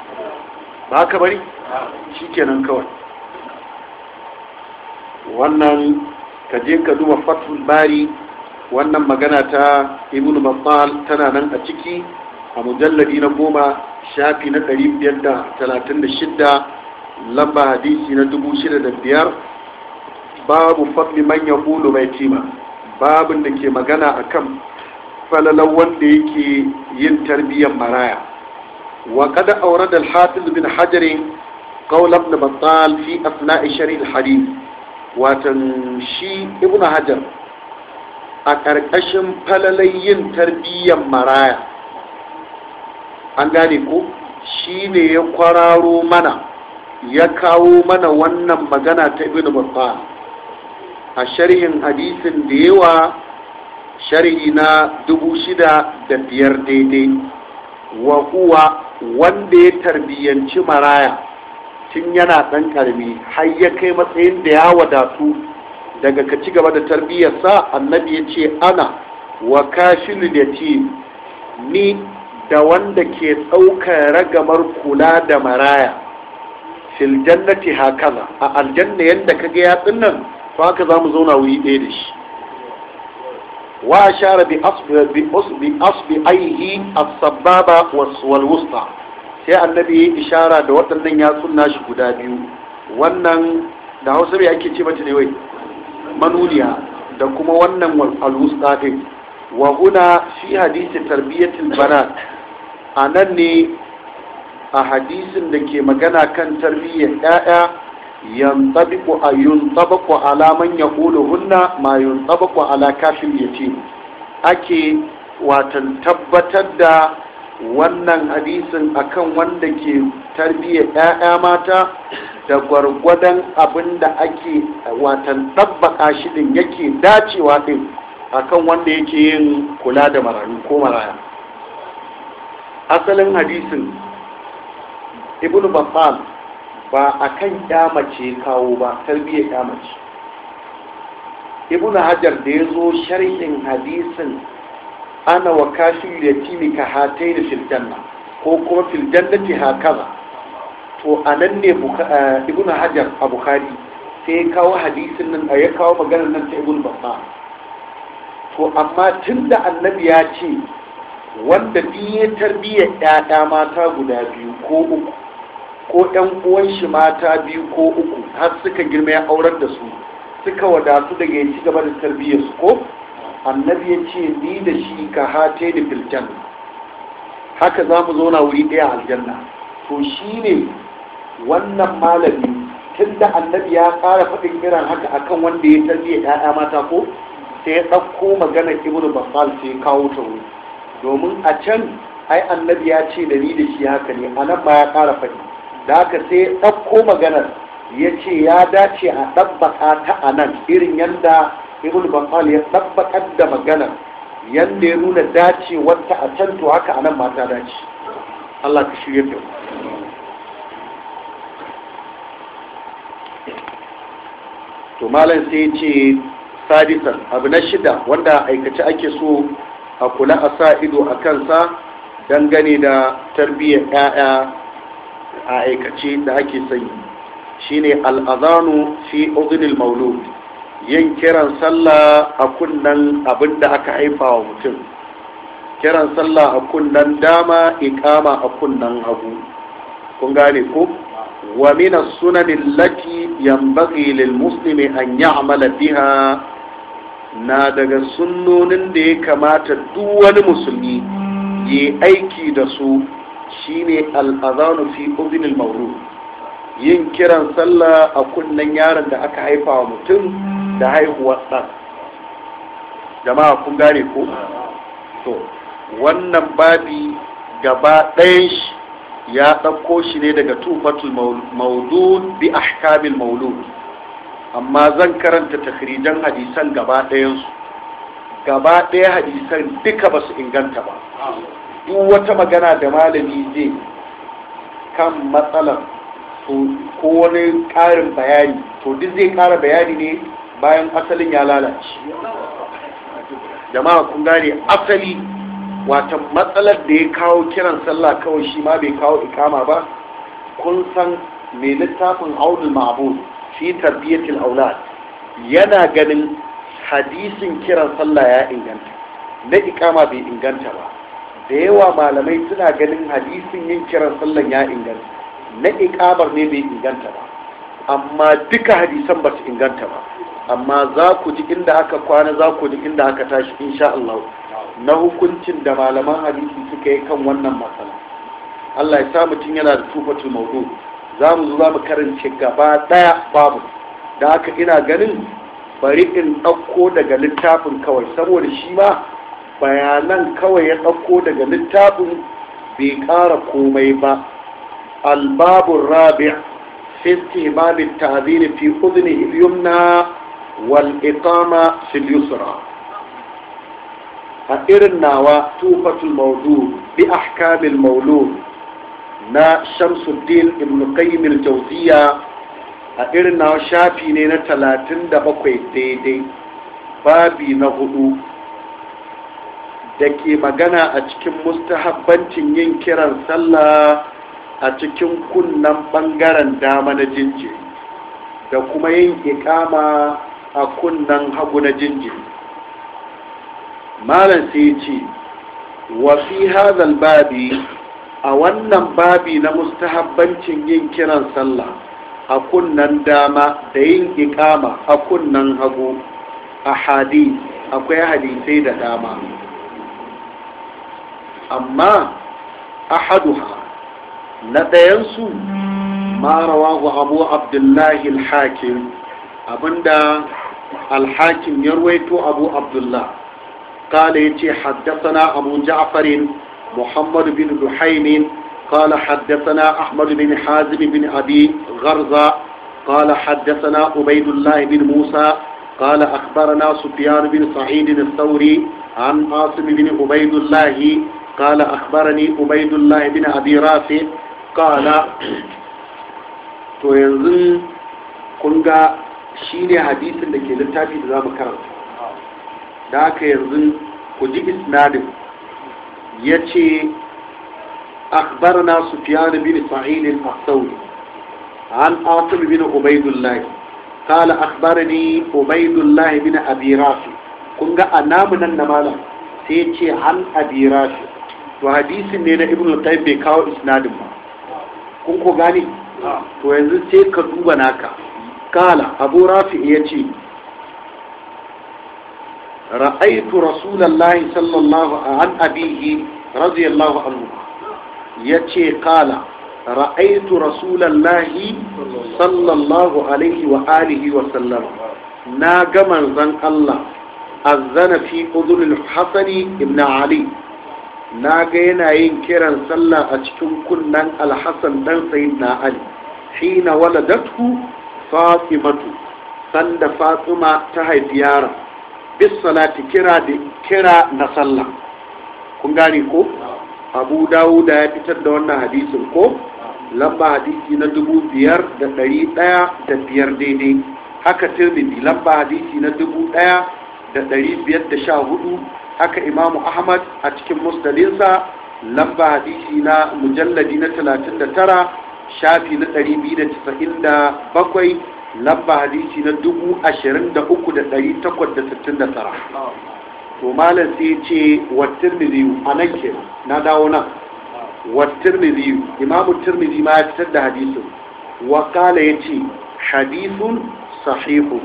ba ka bari shikenan kawai wannan ka je ka duba fatul bari wannan magana ta ibnu battal tana nan a ciki a mujalladi na goma shafi na 536 lamba hadisi na 6005 babu fadli man yaqulu baitima babin da ke magana akan falalan wanda yake yin tarbiyyar maraya wa qad awrada al-hafiz bin hajar قول ابن بطال في أثناء شريح hadith watan shi ibn hajar a ƙarƙashin falalai yin tarbiyyar maraya an gane ko shi ne ya kwararo mana ya kawo mana wannan magana ta ibn babba a sharhin hadisin da yawa sharhi na dubu shida da biyar daidai wa kuwa wanda ya tarbiyyanci maraya tun yana ɗan karmi har ya kai matsayin da ya wadatu daga ka ci gaba da tarbiyyarsa annabi ya ce ana wa kashin ni da wanda ke ɗaukar ragamar kula da maraya fil jannati hakaza a aljanna yadda ka ga yatsun nan to haka za mu zauna wuri ɗaya da shi wa share bi asbi aihi as-sababa wal wusta sai annabi ya ishara da waɗannan yatsun shi guda biyu wannan da hausa mai ake ce mata ne wai manuniya da kuma wannan alwusta ɗin wa huna fi hadisi tarbiyatul A nan ne a hadisin da ke magana kan tarbiyyar ƴaƴa yantabiqu ayuntabaqu ala man hunna ma yuntabaqu ala kafin yatim ake watan tabbatar da wannan hadisin akan wanda ke tarbiyyar 'ya'ya mata da gwargwadon abin da ake watan ɗabbaka shi din yake dacewa din akan wanda yake yin kula da marayu ko maraya asalin hadisin ibn babbal ba akan mace kawo ba tarbiyyar mace ibn hajar da ya zo sharhin hadisin ana wa kashin yatimi ka hatai da filjanna ko kuma filjannati hakaza to a nan ne ibn hajar a bukari sai ya kawo hadisin nan a ya kawo maganar nan ta ibn babba to amma tun da annabi ya ce wanda biye tarbiyyar ɗaɗa mata guda biyu ko uku ko ɗan uwan shi mata biyu ko uku har suka girma ya aurar da su suka wadatu daga ya ci gaba da tarbiyyarsu ko annabi ya ce ni da shi ka hate da filjan haka za mu na wuri ɗaya aljanna to shi ne wannan malami tun da annabi ya ƙara faɗin irin haka akan wanda ya ya ‘ya'ya mata ko sai ya ɗauko magana ibnu basal sai kawo ta wuri domin a can ai annabi ya ce da ni da shi haka ne a nan ba ya ƙara faɗi da haka sai ya ɗauko maganar ya ce ya dace a ɗabbaka ta a nan irin yadda ibn bafal ya tabbatar da magana yadda ya nuna dace wata a can to haka anan mata dace Allah ka shirya ta to malam sai ya ce sadisan abu na shida wanda aikace ake so a kula a sa ido a kansa dangane da tarbiyyar 'ya'ya a aikace da ake sanyi shine al'azanu fi udhunil maulud yin kiran sallah a kunnen abin da aka haifa wa mutum kiran sallah a kunnen dama ikama a kunnen hagu kun gane ko wa min as-sunan allati lil muslimi an biha na daga sunnonin da ya kamata duk wani musulmi yi aiki da su shine al fi udhunil mawrud yin kiran sallah a kunnen yaron da aka haifa wa mutum da haihuwar ɗan jama'a kun gane ko to wannan babi gaba ɗayan shi ya ɗauko shi ne daga tufatul maulud bi ahkamil maulud amma zan karanta takrijan hadisan gaba su gaba ɗaya hadisan duka ba su inganta ba duk wata magana da malami zai kan matsalar ko wani ƙarin bayani to duk zai ƙara bayani ne bayan asalin ya lalace jama'a kun gane asali wata matsalar da ya kawo kiran sallah kawai shi ma bai kawo ikama ba kun san mai littafin audul ma'abud fi tarbiyyatul aulad yana ganin hadisin kiran sallah ya inganta na ikama bai inganta ba da yawa malamai suna ganin hadisin yin kiran sallah ya inganta na ikamar ne bai inganta ba amma duka hadisan ba su inganta ba amma za ku ji inda aka kwana za ku ji inda aka tashi insha Allah na hukuncin da malaman hadisi suka yi kan wannan matsala Allah ya sa mutum yana da tufatul maudu za mu zo mu karance gaba daya babu da aka ina ganin bari in ɗauko daga littafin kawai saboda shi ma bayanan kawai ya ɗauko daga littafin bai ƙara komai ba الباب الرابع في استهباب التعذير في أذنه اليمنى والإقامة في اليسرى أئرنا وتوفة المولود بأحكام المولود نا شمس الدين ابن قيم الجوزية أئرنا شافي نينة تلاتين دبقوي ديدي بابي نغلو دكي da ke magana a cikin mustahabbancin a cikin kunnan ɓangaren dama na jinjiri da kuma yin ikama a kunnan hagu na jinjir. malam sai ce wa fi hadal babi a wannan babi na mustahabbancin yin kiran sallah a kunnan dama da yin ikama a kunnan hagu a hadi akwai hadisai da dama amma ahaduha na ɗayansu marawa wa abu abdullahi alhakim abinda alhakim ya ruwaito abu abdullah kala yace ce haddasana abu ja'farin muhammadu bin duhainin kala haddasana ahmadu bin hazim bin abi garza kala haddasana ubaidullahi bin musa kala akbarana sufiyan bin sahidin sauri an bin ubaidullahi kala akbarani ubaidullahi bin abi rafi kala to yanzu kun ga shi ne hadisin da ke littafi da za mu karanta da haka yanzu ku ji isnadin ya ce akbar na su fiya da bin sa'ilin masauri an asim bin ubaidullahi kala akbar ne ubaidullahi bin abirafi kun ga a namunan nan na mala sai ce an abirafi to hadisin ne na ibn al-qayyim bai kawo isnadin ba kun ku gane to yanzu sai ka duba naka kala abu rafi ya ce ra'aitu rasulallahi sallallahu an abihi radiyallahu anhu ya ce kala ra'aitu rasulallahi sallallahu alaihi wa alihi wa sallama na gama zan Allah azzana fi udhul hasani ibn ali na ga yana yin kiran sallah a cikin kunnan alhassan dan sayin na ali wala waladatu fatimatu sanda fatima ta haifi yaron bis salati kira da kira na sallah kun gani ko abu dawuda ya fitar da wannan hadisin ko lamba hadisi na dubu biyar da ɗari ɗaya da biyar daidai haka tirmidhi lamba hadisi na dubu ɗaya da ɗari biyar da sha hudu haka imamu ahmad a cikin Musdalinsa, lamba hadisi na mujalladi na 39 shafi na 297 lamba hadisi na 23869 to malam sai ce wattir miliyu a nan ke na dawo nan wattir miliyu imamu tirmidhi ma ya fitar da hadisin wakala ya ce hadisun sahihun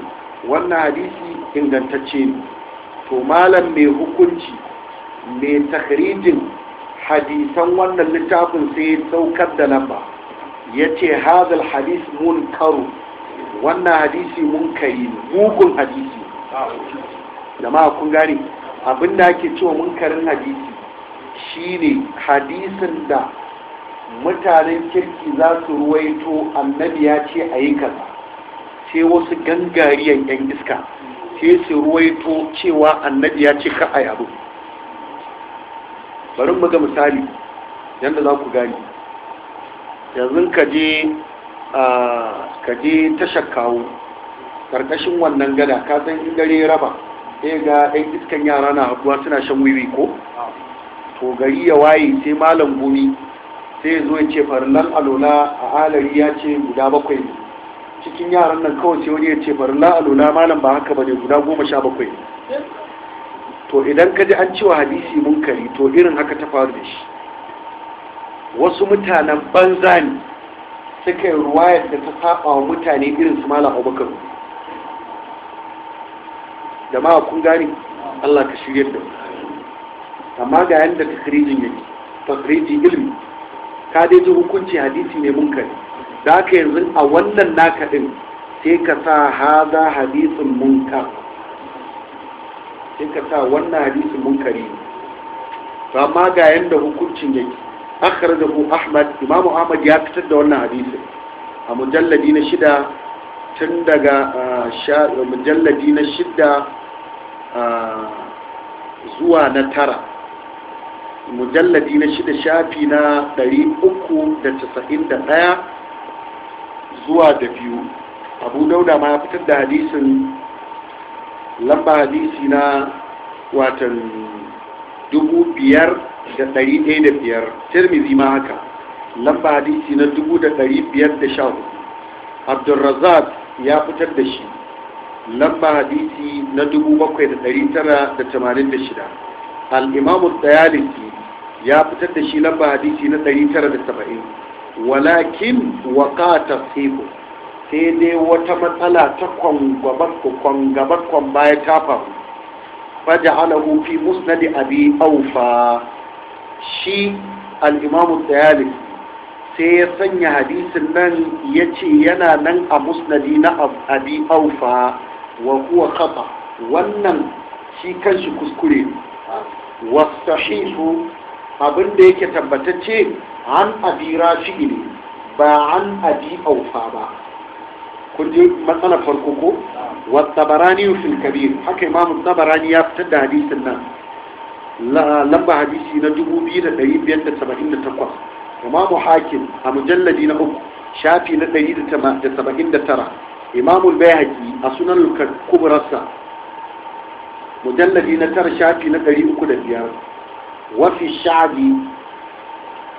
wannan hadisi ingantacce ne to malam mai hukunci mai takrijin hadisan wannan littafin sai ya saukar da nan ba, ya ce hadal hadis mun karu wannan hadisi mun kari mugun hadisi jama'a kun Abin abinda ake cewa munkarin hadisi shine hadisin da mutanen kirki za su ruwaito annabi ya ce a yi kaza sai wasu gangariyan yan iska ke ya ruwai ruwaito cewa annabi ya ce ka a yaro bari mu ga misali yadda za ku gani yanzu ka je ka je tashar kawo karkashin wannan gada ka san in dare raba sai ga ɗan iskan yara na haɗuwa suna shan wiwi ko to gari ya waye sai malam gumi sai zo ya ce farlan alola a alari ya ce guda bakwai ne cikin yaran nan kawai sai wani ya ce bari la alula malam ba haka bane guda goma sha bakwai to idan ka ji an cewa hadisi munkari to irin haka ta faru da shi wasu mutanen banza ne suka yi ruwayar da ta saba wa mutane irin su malam abubakar ma kun gani, Allah ka shirya da amma ga yanda takrijin yake takriji ilmi ka dai ji hukunci hadisi ne munkari da aka yanzu a wannan naka din sai ka sa haza hadisin munkar sai ka sa wannan hadisin munkari to amma ga yadda hukuncin yake ku ahmad imamu ahmad ya fitar da wannan hadisin a mujalladi na shida tun daga mujalladi na shida zuwa na tara mujalladi na shida shafi na 391 zuwa da biyu abu dauda ma ya fitar da hadisin lamba hadisi na watan dubu biyar da dari daya da biyar tirmizi ma haka lamba hadisi na dubu da dari biyar da sha hudu abdulrazak ya fitar da shi lamba hadisi na dubu bakwai da dari tara da tamanin da shida al'imamu tsayalisi ya fitar da shi lamba hadisi na dari tara da saba'in walakin waƙata siku sai dai wata matsala ta kwangabar baya ta faru faja alahu fi musnadi abi aufa shi al'imamu tsayalisi sai ya sanya hadisin nan ya ce yana nan a musnadi na abi aufa wa kuwa kafa wannan shi kanshi kuskure wasu abin da yake tabbatacce an abi rafi ne ba an abi aufa ba kun ji matsala farko ko wa tabarani fil kabir haka imam tabarani ya fitar da hadisin nan lamba hadisi na 2578 imam hakim a mujalladi na uku shafi na 179 imam al-bayhaqi a sunan al-kubrasa mujalladi na tara shafi na 305 wa fi sha'bi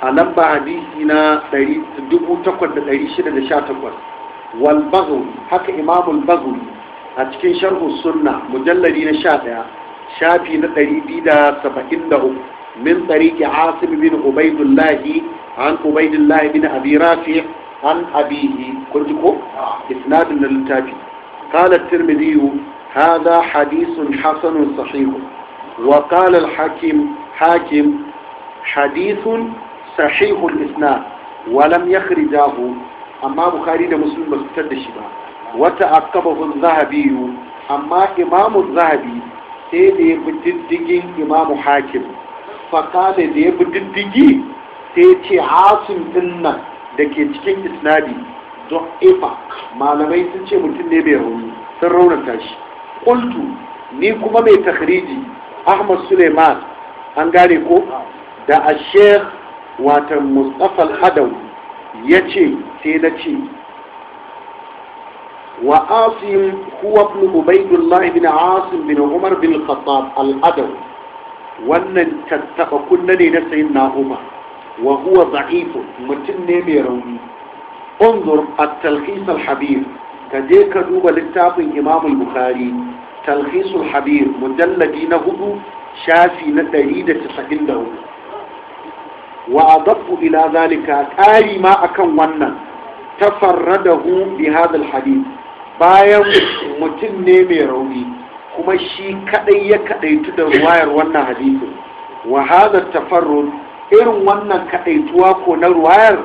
a lamba hadisi na 8618 wal baghawi haka imam al baghawi a cikin sharh sunna mujalladi na 11 shafi na 273 min tariqi asim bin ubaidullah an ubaidullah bin abi rafi an abihi kun ji ko isnadin na littafi قال الترمذي هذا حديث حسن صحيح وقال الحاكم حاكم حديث Sahihun isna walam ya kharijahu amma bukhari da muslim ba su fitar da shi ba wata akabahu zahabiyu amma imamu zahabi sai da ya diddigin imamu hakim fakale da ya bi diddigi sai ce asim din da ke cikin isnadi don ifa malamai sun ce mutum ne bai rauni sun raunata shi kultu ni kuma mai takhriji ahmad suleiman an gane ko da ashekh watan mustapha hadau ya ce sai na ce wa asim huwa ibn ubaidullah ibn asim bin umar bin khattab al-adaw wannan tattaba kunna ne na sayin na umar wa huwa za'ifu mutum ne mai rauni unzur at-talqis al-habir ka je ka duba littafin imam al-bukhari talqis al-habir mujalladi na hudu shafi na 194 wa adabu ila zalika ƙari ma akan wannan tafarradahu bi hadal hadith bayan mutum ne mai rauni kuma shi kadai ya kadaitu da ruwayar wannan hadisin wa hadha tafarrud irin wannan kadaituwa ko na ruwayar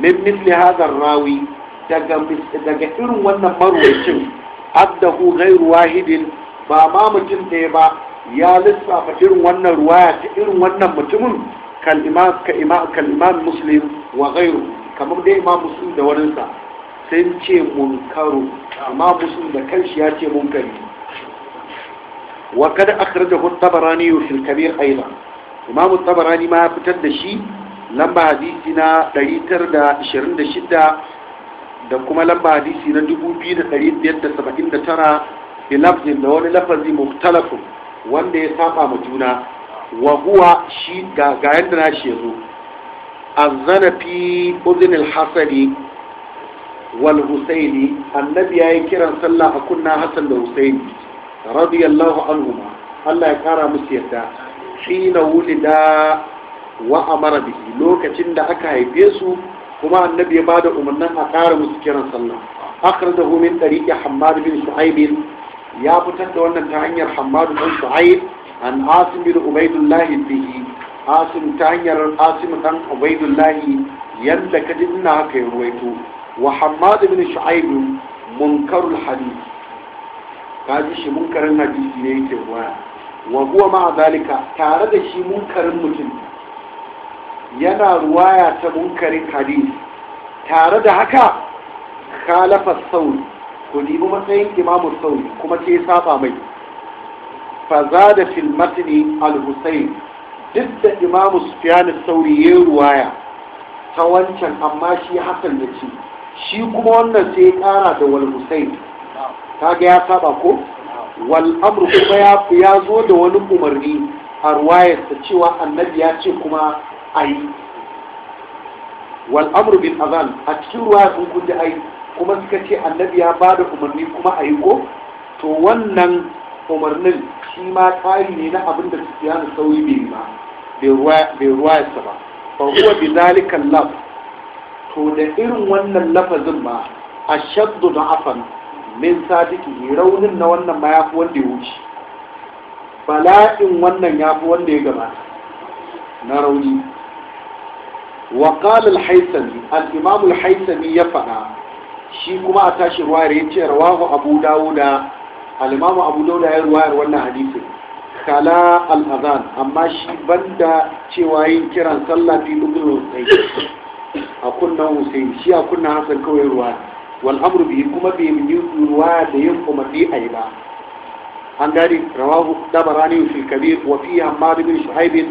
min misli hadha rawi daga daga irin wannan marwacin addahu ghairu wahidin ba ma mutum ɗaya ba ya lissafa irin wannan ruwaya ta irin wannan mutumin كالإمام, كإمام, كالإمام مسلم وغيره كما دي إمام مسلم ده ورنسا سنشي منكر إمام مسلم ده ce شياتي منكر وقد أخرجه الطبراني في الكبير أيضا إمام الطبراني ما فتد شيء لما حديثنا دليتر ده شرن ده شدة da kuma lamba hadisi na 2579 bi lafzin da wani lafazi mukhtalafun wanda ya saba ma juna wa huwa shi ga yadda na shi zo azana fi udhin al-hasadi wal husaini annabi kiran sallah a kunna hasan da husaini radiyallahu anhuma Allah ya kara musu yarda hina wulida wa amara bihi lokacin da aka haife su kuma annabi ya bada umarnin a kara musu kiran sallah akhrajahu min tariqi hammad bin shu'aib ya fitar da wannan ta hanyar hammad bin shu'aib an asim bin ubaidullahi bihi asim ta hanyar asim dan ubaidullahi yadda ka ina haka ya ruwaito wa hamadu bin Shu'aibu munkarul hadith ji shi munkarin hadisi ne yake ruwa wa huwa ma'a zalika tare da shi munkarin mutum yana ruwaya ta munkarin hadith tare da haka khalafa sauri ku nemi matsayin imamu sauri kuma ce saba mai faza da filmatini al-husayn duk da imamu sufyan sauri ya ruwaya ta wancan amma shi hakan ya ce shi kuma wannan sai ya kara da wal husayn kaga ya saba ko wal amru kuma ya ya zo da wani umarni a ruwayarsa cewa annabi ya ce kuma ayi wal amru azan a cikin ruwaya sun kun ji ayi kuma suka ce annabi ya ba da umarni kuma ayi ko to wannan umarnin shi ma tsari ne na abin da sufiyanu sauyi bai ma bai ruwa ya ba fa huwa bi zalika laf to da irin wannan lafazin ma ashaddu afan, min sadiki raunin na wannan ma fi wanda ya wuce bala'in wannan fi wanda ya gabata na rauni وقال الحيثمي الإمام الحيثمي يفعل شيكما ya رواه رواه Abu Dawuda. al abu dauda ya ruwayar wannan hadisi kala al amma shi banda cewa yin kiran sallah fi lubul husayn a kunnan husayn shi a kunnan Hassan kawai ruwa wal amru bihi kuma bai yi ruwa da yin a yi ba an gani rawahu dabarani fi kabir wa fi hammad bin shuhaib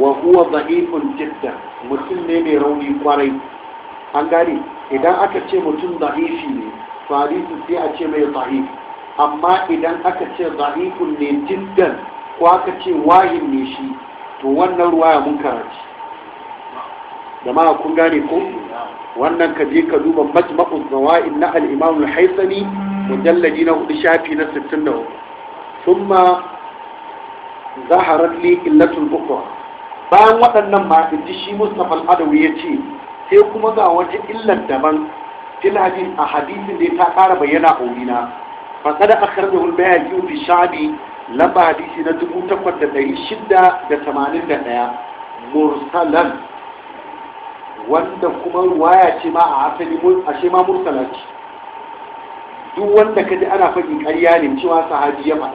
wa huwa dha'ifun jidda mutum ne mai rauni kwarai an gani idan aka ce mutum dha'ifi ne to hadisi sai a ce mai dha'if amma idan aka ce da'ifun ne jiddan ko aka ce wahin ne shi to wannan ruwa ruwaya mun karanci jama'a kun gane ko wannan ka je ka duba majma'u zawa'in na al-imam al-haythami mujalladi na hudu shafi na 64 thumma zaharat li illatul ukhra bayan waɗannan ma inji shi Mustafa al-Adawi ce sai kuma ga wata illar daban fil hadith a hadisin da ta ƙara bayyana a wurina فقد lamba hadisi na dubu takwas da ɗari تقوى da tamanin da ɗaya, مرسلا wanda kuma waya ce ma a asali a shi ma mursala ce duk wanda ka ji ana faɗi ƙarya ne cewa sahabi ya faɗa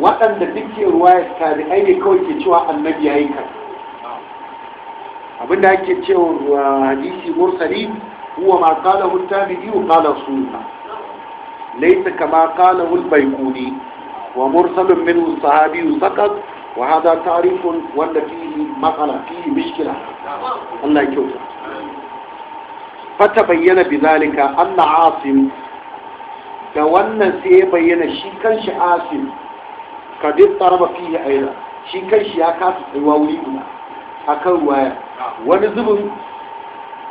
waɗanda duk ke ruwaya tabi'ai ne kawai ke cewa annabi ya yi kan abinda ake cewa hadisi mursali huwa ma qala muttabi'i qala sunna ليس كما قاله البيقوني ومرسل منه الصحابي سقط وهذا تاريخ ولا فيه مقالة فيه مشكلة الله يكوتا فتبين بذلك أن عاصم تولى سيبين شيكاً عاصم قد اضطرب فيه أيضا شيكاً شيكاً ووليونا أكوى ونظم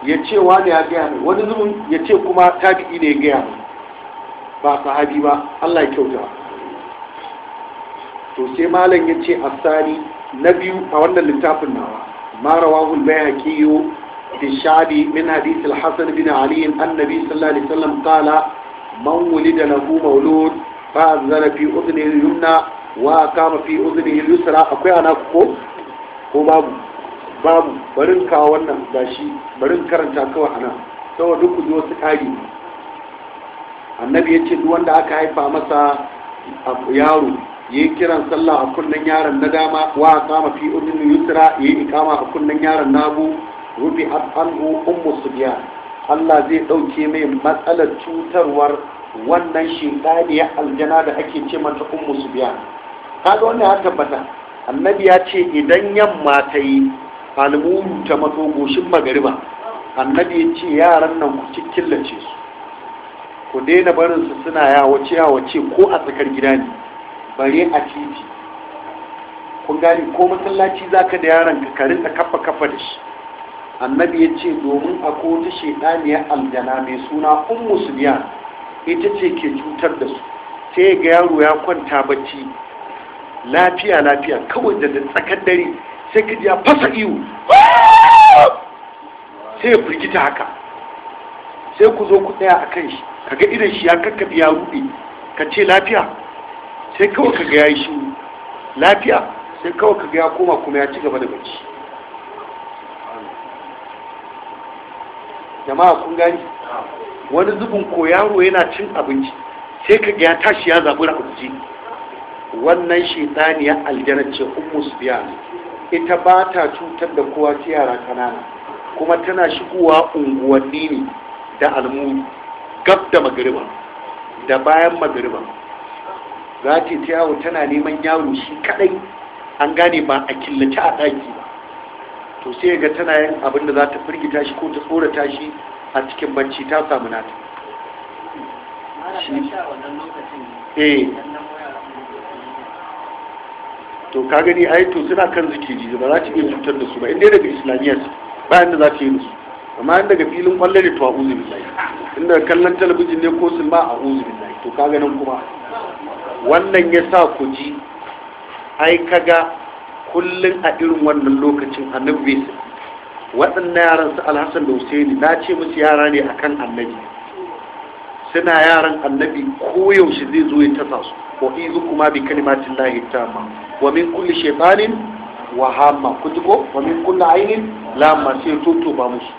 يتشي واني أجيان ونظم يتشي كما gaya أجيان ba sahabi ba Allah ya kyauta to sai malam ya ce asani na biyu a wannan littafin nawa ma rawahu al-bayhaqi fi shabi min hadith al-hasan bin ali annabi sallallahu alaihi wasallam qala man wulida lahu mawlud fa anzala fi udhnihi yumna wa kama fi udhnihi yusra akwai ana ko ko babu babu barin kawo wannan gashi barin karanta kawai ana saboda duk ku ji wasu ƙari annabi ya ce wanda aka haifa masa yaro yi kiran sallah a kunnen yaron na dama wa a kama fi udun yusra yi ikama a kunnen yaron na nagu rubi anhu ummu biya. Allah zai ɗauke mai matsalar cutarwar wannan shaytaniyar aljana da ake ce mata ummu biya kaga wannan ya tabbata annabi ya ce idan yamma ta yi almuru ta mato goshin magariba annabi ya ce yaran nan ku killace su ku daina barin su suna yawace yawace ko a tsakar gida ne bare a titi kun gani ko masallaci zaka da yaron ka ka kafa kafa da shi annabi ya ce domin a kowace shaidaniyar aljana mai suna Un subiya ita ce ke cutar da su sai ga yaro ya kwanta bacci lafiya lafiya kawai da tsakar dare sai ka ji fasa iyo sai ya firgita haka sai ku zo ku tsaya a kan shi ka ga idan shi ya kakkafi ya rufe ka ce lafiya sai kawai ka ga ya yi shi lafiya sai kawai ka ga ya koma kuma ya ci gaba da bacci jama'a kun gani wani zubin ko yaro yana cin abinci sai ka ga ya tashi ya zaɓi rakuci wannan shaitaniyar aljanar ce su biya. ita ba ta cutar da kowa ta yara kanana kuma tana shigowa unguwanni ne da almuni gab da magariba da bayan magariba za ta ta yawo tana neman yaro shi kadai an gane ba a killace a daki ba to sai ga tana yin abin da za ta firgita shi ko ta tsorata shi a cikin bacci ta samu nata eh. to ka gani ai to suna kan ji ba za ta iya cutar da su ba inda daga islamiyya bayan da za ta yi da amma yadda daga filin kwallo ne to a uzu billahi inda kallon talabijin ne ko sun ba a uzu billahi to kaga nan kuma wannan ya sa ku ji ai kaga kullum a irin wannan lokacin annabi waɗannan yaran su alhassan da husaini na ce musu yara ne akan annabi suna yaran annabi koyaushe zai zo ya tasa su wa izu kuma bi kalimatin lahi tamma wa min kulli shaytanin wa hamma kuji ko wa min kulli ainin lamma sai toto ba musu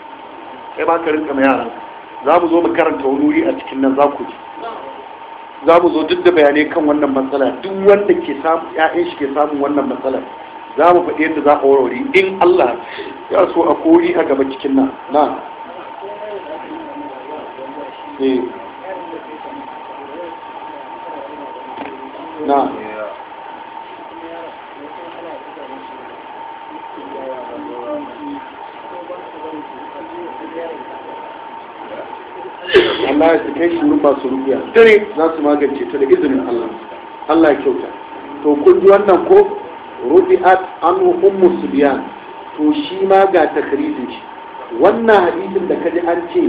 kai ba ka rinka mai yaran za mu zo mu karanta wuri a cikin nan za ku ji za mu zo duk da bayanai kan wannan matsala duk wanda ke samu ƴaƴan shi ke samun wannan matsala za mu faɗi yadda za a warware in Allah ya so a kori a gaba cikin nan na eh. na Allah ya kai shi rufa su rufiya dare za su magance ta da izinin Allah Allah ya kyauta to kun ji wannan ko rubi'at anhu ummu subyan to shi ma ga takridin shi wannan hadisin da kaji an ce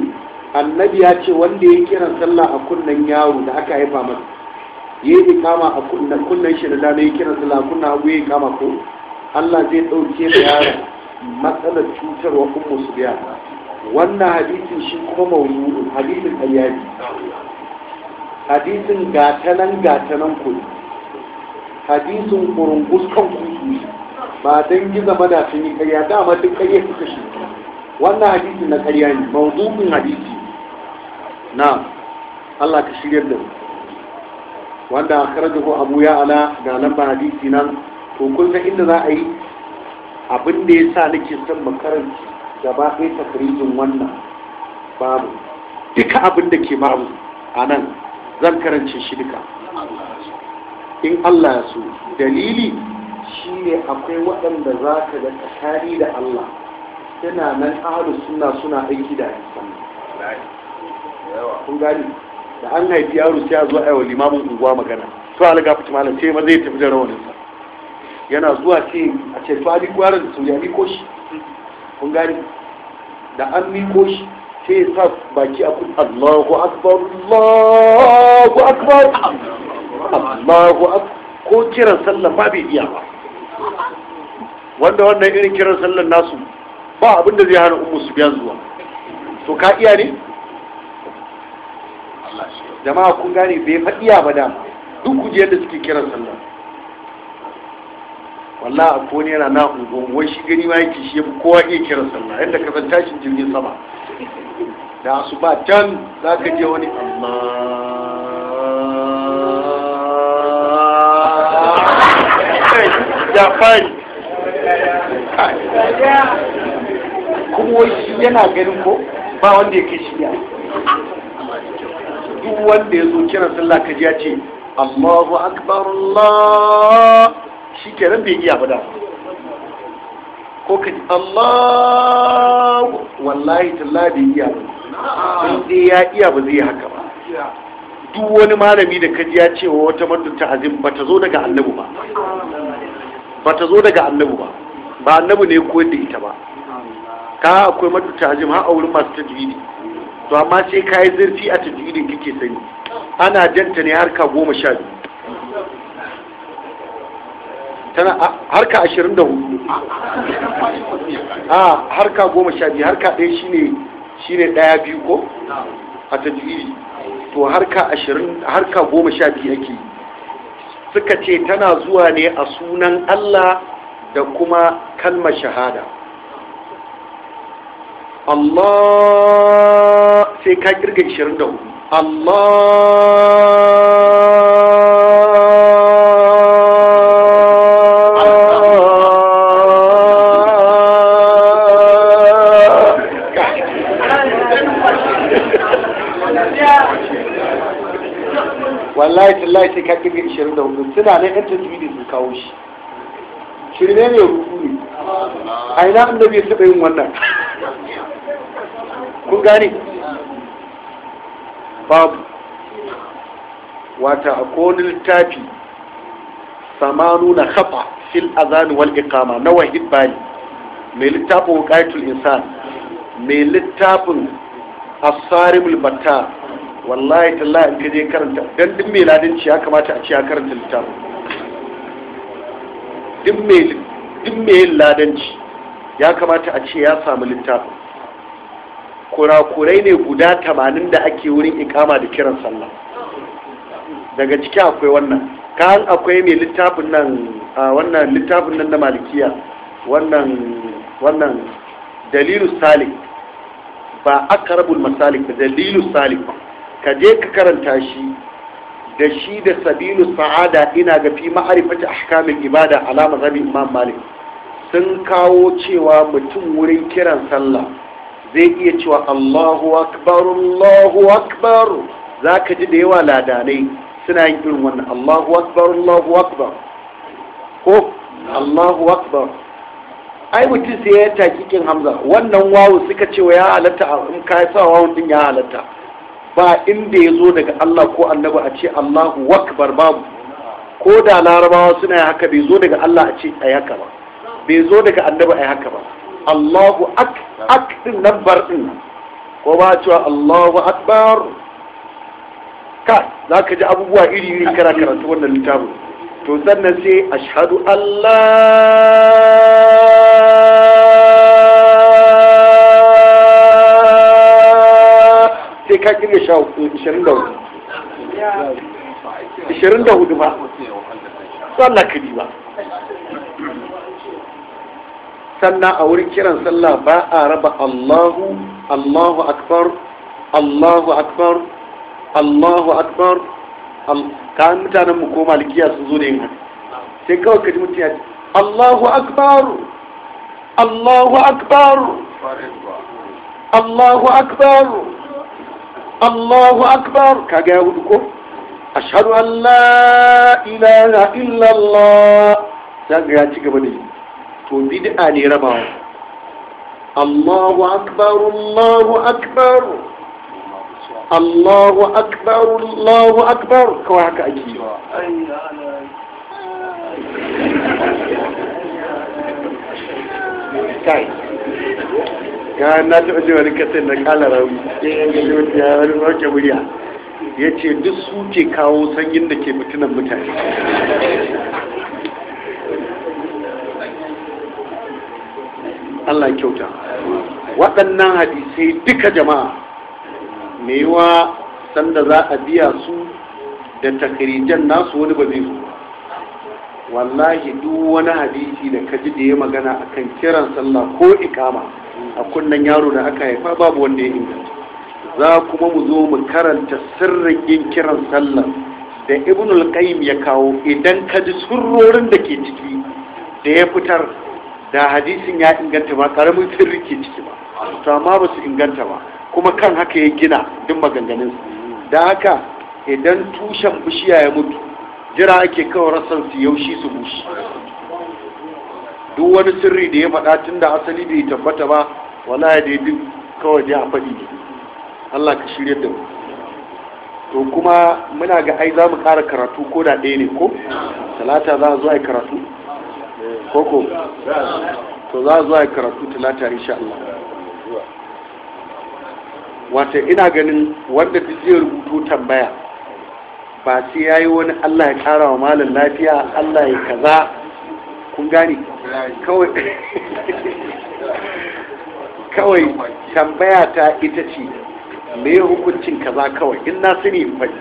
annabi ya ce wanda ya kiran sallah a kunnen yaro da aka haifa masa ya yi a kunnen kunnen shi da dama ya kiran sallah a kunnen hagu ya ikama ko Allah zai ɗauke da yaron matsalar cutarwa ummu subyan wannan hadisin shi kuma mawuyu hadisin ƙarya hadisin gatanan gatanan ku hadisin kurungus kan ku ba dan giza mana sun yi ƙarya dama duk ƙarya suka shi wannan hadisin na ƙarya ne mawuzumin hadisi na Allah ka shiryar da wanda a ko abu ya ala ga lamba hadisi nan to kun san inda za a yi abin da ya sa nake son makaranci gaba ɗaya tafrijin wannan babu duka abin da ke babu a nan zan karance shi duka in Allah ya so dalili shi ne akwai waɗanda za ka da tsakani da Allah suna nan ahalu suna suna aiki da hadisan kun gani da an haifi yaro sai ya zo a wa limamin unguwa magana to alaga fiti malam sai ma zai tafi da rawaninsa yana zuwa ce a ce to ali kwarar da sauri ali ko shi kun gani da an miko shi sai ya sa baki a kudu Allahu akbar Allahu akbar Allahu akbar ko kiran sallan ba bai iya ba wanda wannan irin kiran sallan nasu ba abin da zai hana ummu su biyan zuwa to ka iya ne jama'a kun gane bai faɗiya ba da duk kujiyar da suke kiran sallan wallah a ko yana na ungon wai shi gani ma yake shi kowa iya kira sallah yadda ka san tashin jirgin sama da su ba can za ka je wani amma ya fari kuma wai shi yana ganin ko ba wanda ya kai shi ya duk wanda ya zo kira sallah ka ji ya ce Allahu akbar Allah shi kenan bai iya bada da ko ka ji Allah wallahi tallahi bai iya ba in ya iya ba zai haka ba duk wani malami da kaji ya ce wa wata maddu azim ba ta zo daga annabu ba ba ta zo daga annabu ba ba annabu ne ko da ita ba ka akwai maddu azim har a wurin masu tajwidi to amma sai ka yi zurfi a tajwidin kake sani ana janta ne harka goma sha biyu tana harka ashirin da hudu a harka goma sha biyu harka ɗaya shine shine ɗaya biyu ko a jiri to harka ashirin harka goma sha biyu ake suka ce tana zuwa ne a sunan Allah da kuma kalma shahada Allah sai ka kirga hudu. Allah wallahi tallahi sai ka kirga 24 suna na yan tasiri sun kawo shi shirme ne rufu ne a ina annabi bai taɓa yin wannan kun gane babu wata a kone littafi samanu na kafa fil azani wal ikama na wahid bali mai littafin wuƙatul insan mai littafin asarimul batta wallahi tallahi ka je karanta dan duk mai ladanci ya kamata a ci ya karanta littafin duk mai duk mai yin ladanci ya kamata a ce ya samu littafin kurakurai ne guda tamanin da ake wurin ikama da kiran sallah daga ciki akwai wannan kan akwai mai littafin nan wannan littafin nan na malikiya wannan wannan dalilu salik ba akarabul masalik ba dalilu salik ba ka je ka karanta shi da shi da sabilu sa'ada ina ga fi ma'arifata ahkamin ibada alama zabi imam malik sun kawo cewa mutum wurin kiran sallah zai iya cewa Allahu akbar Allahu akbar ka ji da yawa ladanai suna yin irin wannan Allahu akbar Allahu akbar ko Allahu akbar ai mutum sai ya taƙiƙin hamza wannan wawu suka ce wa ya halatta in ka sa wawun din ya halatta ba inda ya zo daga Allah ko annabi a ce Allahu akbar babu ko da larabawa suna yi haka bai zo daga Allah a ce a haka ba bai zo daga annabi a haka ba Allahu ak ak din nan bar din ko ba cewa Allahu akbar ka za ka ji abubuwa iri iri kana karatu wannan littafin to sannan sai ashhadu Allah sai ka kirga sha hudu ishirin da hudu ishirin da hudu ba sallah kiri ba sannan a wurin kiran sallah ba a raba Allahu Allahu akbar Allahu akbar Allahu akbar ka mutanen mu ko malikiya sun zo ne yin sai kawai kaji ji mutum ya ce Allahu akbar Allahu akbar Allahu akbar الله أكبر كجاودكم أشهد أن لا إله إلا الله تجاتك بدي تبدي أني ربا الله أكبر الله أكبر الله أكبر الله أكبر كواك أجيب Guys. ga na taɓa wani na kala ya wani murya ya ce duk su ke kawo sanyin da ke mutunan mutane Allah kyauta waɗannan hadisai duka jama'a mai yiwa sanda za a biya su da takirijan nasu wani ba zai su wallahi duk wani hadisi da kaji da ya magana akan kiran sallah ko ikama a kunnen yaro da aka haifa babu wanda ya inganta za kuma mu zo mu karanta sirrin yin kiran sallah da ibnul qayyim ya kawo idan ka ji surrorin da ke ciki da ya fitar da hadisin ya inganta ba karamin sirri ke ciki ba to amma ba su inganta ba kuma kan haka ya gina duk maganganun da haka idan tushen bishiya ya mutu jira ake kawo rasan su yaushi su bushi duk wani sirri da ya faɗa tun da asali bai tabbata ba wala ya duk kawai ya a faɗi Allah ka shirya da mu to kuma muna ga ai za mu ƙara karatu ko da ɗaya ne ko talata za a zo a karatu ko ko to za a zo a karatu talata insha Allah wata ina ganin wanda duk zai rubuto tambaya ba sai ya yi wani Allah ya ƙara wa malam lafiya Allah ya kaza kun gane kawai kawai tambaya ta ita ce me hukuncin kaza kawai in na sani in faɗi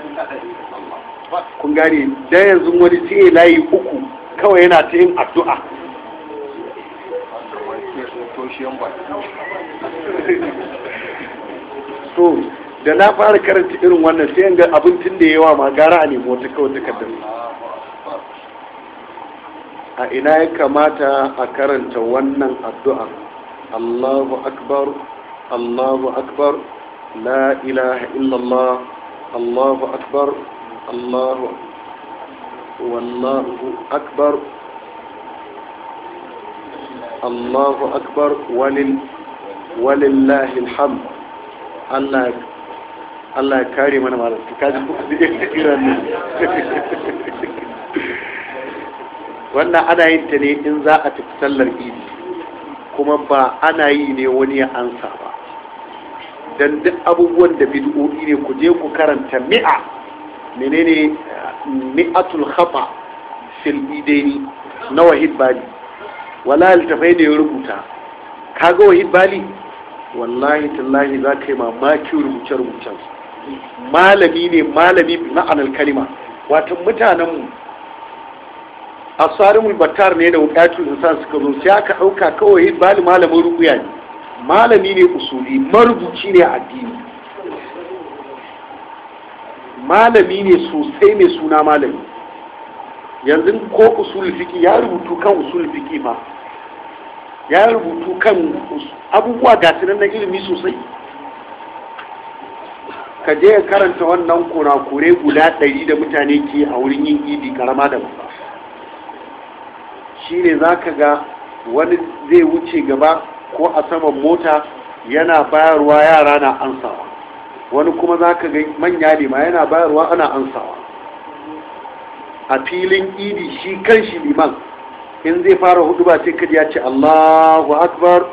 kun gane don yanzu wani ce layi uku kawai yana ta yin addu'a so da na fara karanta irin wannan sai abin abincin da yawa ma gara a nemo ta kawai takardar a ina ya kamata a karanta wannan addu'a الله أكبر الله أكبر لا إله إلا الله الله أكبر الله والله أكبر الله أكبر ولل ولله الحمد الله الله كريم أنا mana malam كذا وأنا أنا إنتني إن ana yin ta kuma ba ana yi ne wani ya ansa ba don duk abubuwan da bid'o'i ne ku je ku karanta mi'a menene mi'atul khata fil idaini na wahid bali wala altafai da ya rubuta kaga wahid bali wallahi tallahi za ka yi mamakin rubuce-rubucen malami ne malami na kalima Wata mutanenmu asarimul battar ne da wukatul insan suka zo sai aka dauka kawai bali malamin rubuya ne malami ne usuli marubuci ne addini malami ne sosai mai suna malami yanzu ko usul fiki ya rubutu kan usul fiki ma ya rubutu kan abubuwa ga su na ilimi sosai ka je karanta wannan kurakure guda ɗari da mutane ke a wurin yin idi karama da ba shine za ka ga wani zai wuce gaba ko a saman mota yana bayarwa yara na ansawa wani kuma za ka ga manya ne ma yana bayarwa ana ansawa a filin idi shi kan shi liman in zai fara hudu ba sai ya ce allahu akbar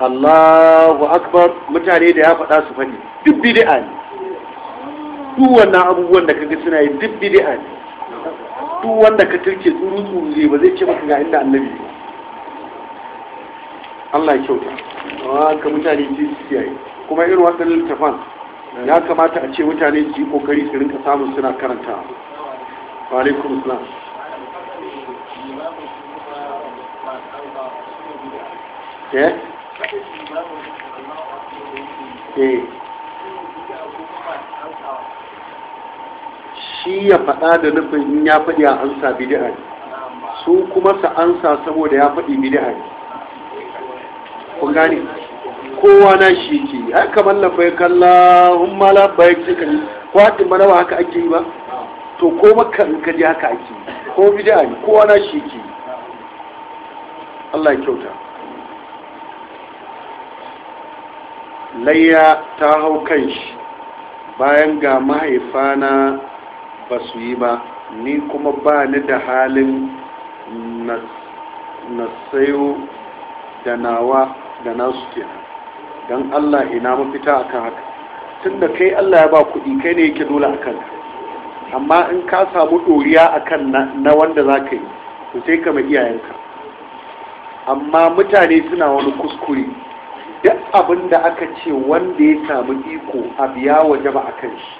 allahu akbar mutane da ya faɗa su faɗi duk bid'a ne duk wannan abubuwan da kaga suna yi duk bid'a ne duk wanda ka turke tsuru tsuru ba zai ce maka ga inda annabi ba Allah ya kyauta ka mutane su kiyaye kuma irin wasan littafan ya kamata a ce mutane su kokari su rinka samun suna karanta wa alaikum salam eh eh shi ya faɗa da nufin in ya faɗi a ansa bidi'a ne su kuma sa ansa saboda ya faɗi bidi'a ne kun gani kowa na shi ke ai kamar kalla, hun ma labbai ce ka kwatin mana ba haka ake yi ba to ko maka in ka ji haka ake yi ko bidi'a ne kowa na shi ke Allah ya kyauta layya ta hau kan shi bayan ga mahaifa na ba su yi ba ni kuma ba ni da halin na sayo da nawa da nasu kenan don allah ina mafita a kan haka tun da kai allah ya ba kuɗi kai ne yake dole a kan amma in ka samu ɗoriya a kan na wanda za ka yi to sai ka mai iyayenka amma mutane suna wani kuskure duk abin da aka ce wanda ya samu iko a biya waje ba a kan shi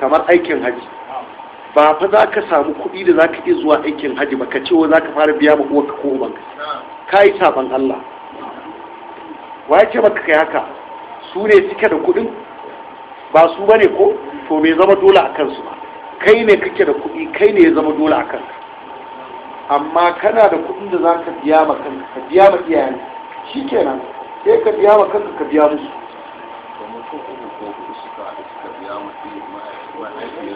kamar aikin hajji ba fa za ka samu kuɗi da za ka iya zuwa aikin hajji ba ka ce wa za ka fara biya ma uwarka ko ubanka ka yi saban Allah wa ya ce ba kai haka su ne suke da kuɗin ba su bane ko to bai zama dole a kansu ba kai ne kake da kuɗi kai ne ya zama dole a kanka amma kana da kuɗin da za ka biya ma kanka ka biya ma iyayen shi kenan sai ka biya ma kanka ka biya musu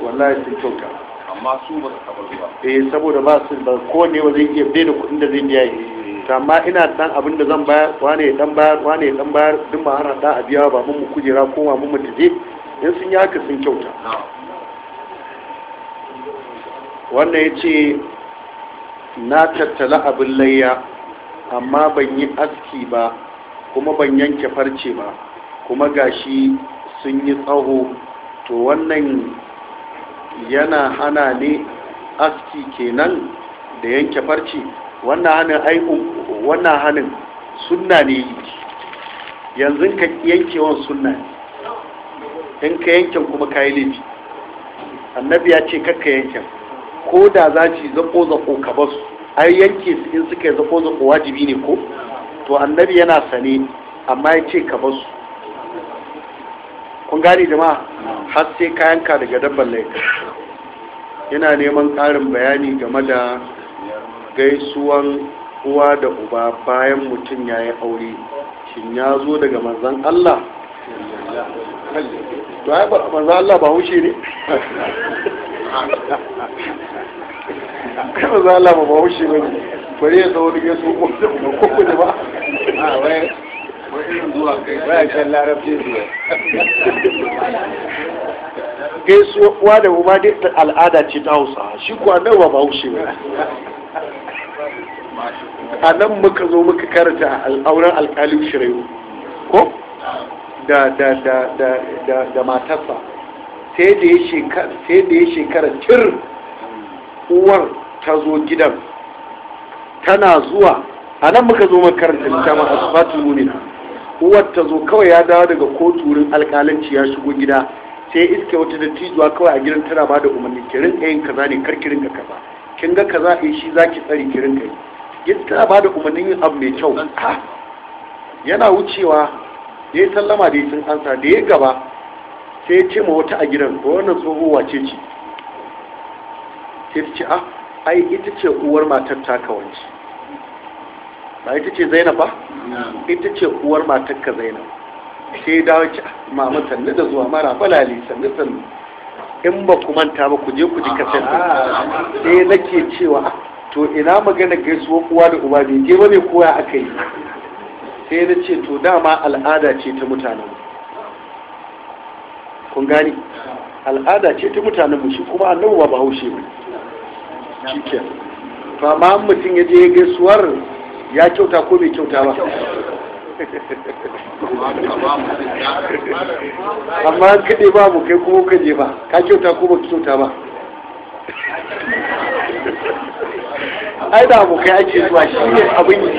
wallahi sun kyauta amma su ba su taɓa zuwa eh saboda ba su ba kowanne ba zai iya daina kuɗin da zai biya yi eh. amma ina dan abin da zan bayar wane dan bayar wane dan bayar duk ma ana da a biya ba mun mu kujera ko ma mun mu taje in sun yi haka sun kyauta wannan ya ce na tattala abin layya amma ban yi aski ba kuma ban yanke farce ba kuma gashi sun yi tsaho to wannan yana hana ne aski kenan da yanke farci wannan hanin aiku wannan hanin sunna ne yanzu ka yanke wa sunna ne in ka yanke kuma ka yi laifi annabi ya ce kakka yanke ko da za ci zako zako ka ba su? ai yanke su in suka yi zako zako wajibi ne ko to annabi yana sane amma ya ce ka ba su. kun gane jama'a har sai ka yanka daga dabban laifin yana neman ƙarin bayani game da gaisuwan uwa da uba bayan mutum ya yi aure shin ya zo daga manzan Allah ba manzan Allah ba haushe ne kai manzan Allah ba haushe ne bari ya zo kuma gaisuwa ko da ba ah, bayan larabci su uwa da uba dai al'ada ce ta hausa shi kuwa nan ba haushe ba a nan muka zo muka karanta auren alkalin shirayu ko da da da da da da matarsa sai da ya shekara tir uwar ta zo gidan tana zuwa a nan muka zo muka karanta littafin asfatul mu'minin uwar ta zo kawai ya dawo daga kotu wurin alkalanci ya shigo gida sai iske wata dattijuwa kawai a gidan tana ba da umarni ki rinka yin kaza ne kar ki rinka kaza kin ga kaza eh shi za ki tsari ki rinka yi yin tana ba da umarnin yin abu mai kyau yana wucewa da ya sallama da ya sun ansa da ya gaba sai ya ce ma wata a gidan ko wannan tsohuwa ce ce sai ta ce ah ai ita ce uwar matar ta kawanci ba ita ce zainab ba ita ce uwar matakka zainab sai da ci mama sannu da zuwa mara balali sannu sannu in ba ku manta ba ku je ku ji kasar sai nake cewa to ina magana gaisuwa uwa da uba bai je ba ne koya aka yi sai na ce to dama al'ada ce ta mutanen kun gani al'ada ce ta mutanen mu shi kuma annabi ba bahaushe ba shi ke to amma mutum ya je gaisuwar ya kyauta ko bai kyauta ba amma kaɗe ba mu kai kuma kaje ba ka kyauta ko ba kyauta ba ai da kai ake zuwa shi ne abin yi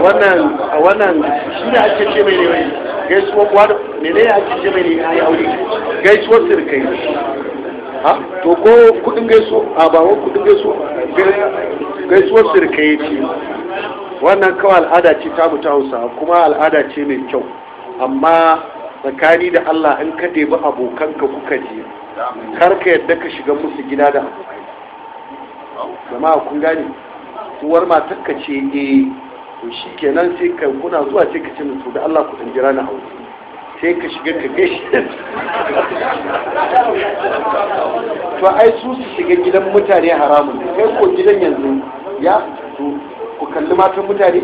wannan wannan shi ne ake ce mai ne gaisuwar kwado ne ne ake ce mai ne aure gaisuwar sirkai ha to ko kudin gaiso a ba wa kudin gaiso gaisuwar sirkai ce wannan kawai al'ada ce ta mu ta hausa kuma al'ada ce mai kyau amma tsakani da Allah in ka debi abokanka kuka je kar ka yadda ka shiga musu gida da abokai a kun gane tuwar matar ka ce eh to shi kenan sai ka kuna zuwa sai ka ce musu da Allah ku jira na aure sai ka shiga ka kai shi to ai su su shiga gidan mutane haramun kai ko gidan yanzu ya to ku kalli matan mutane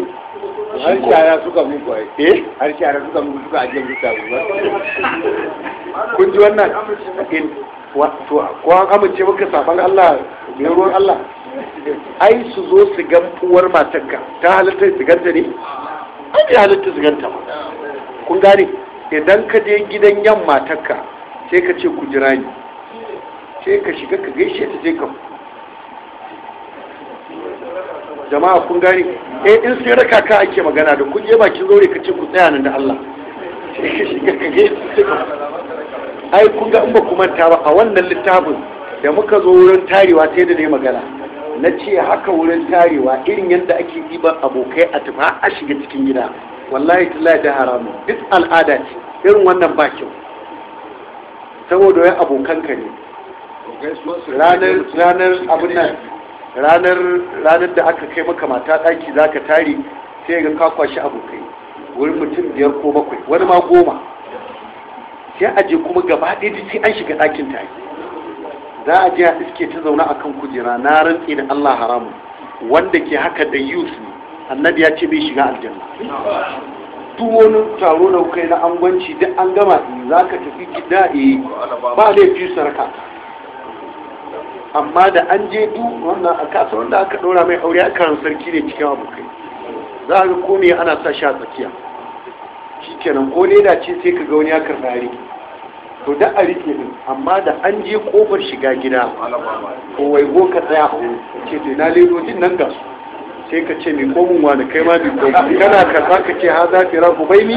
har shara suka muku ai eh har shara suka muku suka ajiye ba. kun ji wannan ko an amince maka saban Allah ne ruwan Allah ai su zo su gan uwar matanka ta halatta su ganta ne ai bai halatta su ganta ba kun gane idan ka je gidan yan matanka sai ka ce ku jira ni sai ka shiga ka gaishe ta sai ka jama'a kun gane eh in sai raka ka ake magana da kun je bakin zaure ka ce ku tsaya nan da Allah sai ka shiga ka gaishe ta ai kun ga in ba ku manta ba a wannan littafin da muka zo wurin tarewa sai da dai magana na ce haka wurin tarewa irin yadda ake ɗiban abokai a tufa a shiga cikin gida wallahi tallahi da haramu duk al'ada ce irin wannan ba kyau saboda wai abokan ka ne ranar abin nan ranar ranar da aka kai maka mata ɗaki za ka tare sai ga ka kwashi abokai wurin mutum biyar ko bakwai wani ma goma sai a je kuma gaba ɗaya sai an shiga ɗakin ta za a je a iske ta zauna kan kujera na rantse da Allah haramu wanda ke haka da yusu annabi ya ce bai shiga aljanna duk wani taro da kai na angwanci duk an gama za ka tafi gida eh, ba fi sarka amma da an je du wannan a kasa wanda aka ɗora mai aure aka ran sarki ne cikin abokai za a ga komai ana sa shi a tsakiya shi kenan ko leda ce sai ka ga wani ya karɓa to da a rike din amma da an je kofar shiga gida ko wai go ka tsaya ce to na lero din nan ga sai ka ce mai komin wani kai ma mai komin kana karba ka ce ha za ra ku bai ni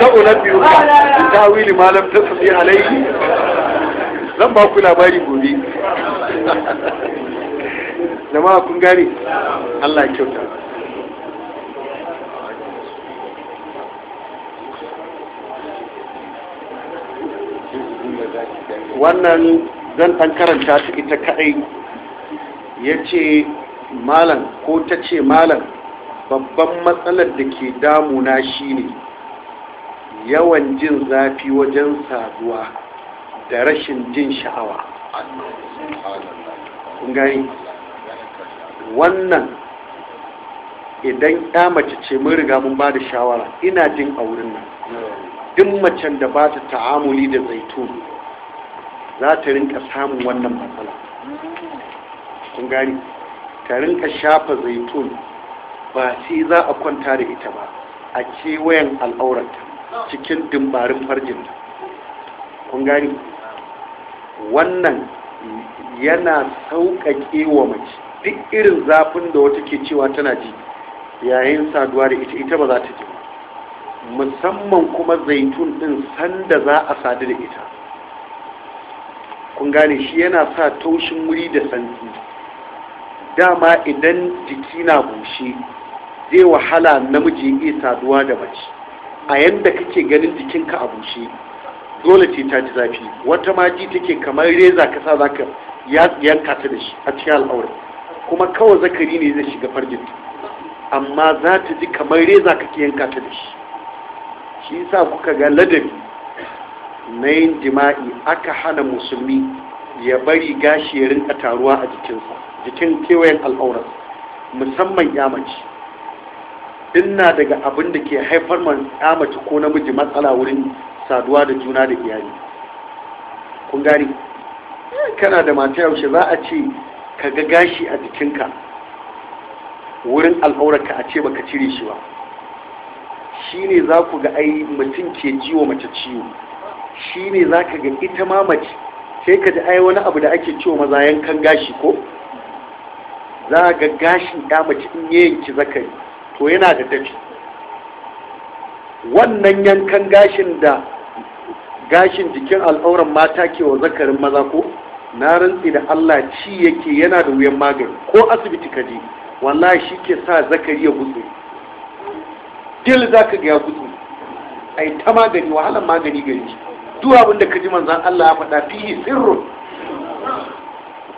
sa'ula biyu ka ta wili malam ta tafi alaihi zan ba ku labari gobe jama'a kun gane Allah ya kyauta wannan zan ɗan karanta su ita kaɗai ya ce malam ko ta ce malam babban matsalar da ke damuna shine yawan jin zafi wajen saduwa da rashin jin sha'awa gani wannan idan ya mace ce mun riga mun ba da shawara ina jin a nan duk macen da ba ta ta'amuli da zaitun za ta rinka samun wannan matsala kun gani ta rinka shafa zaitun ba shi za a kwanta da ita ba a kewayen al'aurata cikin dimbarin farjinta kun gani wannan yana sauƙaƙe wa mace duk irin zafin da wata ke cewa tana ji yayin saduwa da ita ita ba za ta ji musamman kuma zaitun din sanda za a sadu da ita kun gane shi yana sa taushin wuri da santi dama idan jiki na bushe zai wahala namiji iya saduwa da mace a yanda kake ganin jikinka a bushe dole ce ta ji zafi wata ma ji take kamar reza ka sa zaka yanka ta da shi a cikin al'aura kuma kawai zakari ne zai shiga farjin amma za ta ji kamar reza kake yanka ta da shi shi yasa kuka ga ladabi na yin jima'i aka hana musulmi ya bari gashi ya rinka taruwa a jikinsa jikin kewayen al'aurar musamman yamaci ina daga abin da ke haifar man yamaci ko namiji matsala wurin saduwa da juna da iyali kun gani kana da mata yaushe za a ce ka ga gashi a jikinka wurin ka a ce baka cire shi ba shi ne za ku ga ai mutum ke jiwa mace ciwo shi ne za ka ga ita ma mace sai ka ji ai wani abu da ake cewa maza yankan gashi ko za ga gashin ya mace in ya yanki zakari to yana da dafi wannan yankan gashin da gashin jikin al'auran mata ke wa zakarin maza ko na rantsi da Allah ci yake yana da wuyan magani ko asibiti ka je wallahi shi ke sa zakari ya gutsu dil za ka ga ya gutsu ai ta magani wahalan magani gari duk abin da kaji manzan Allah ya faɗa fihi sirru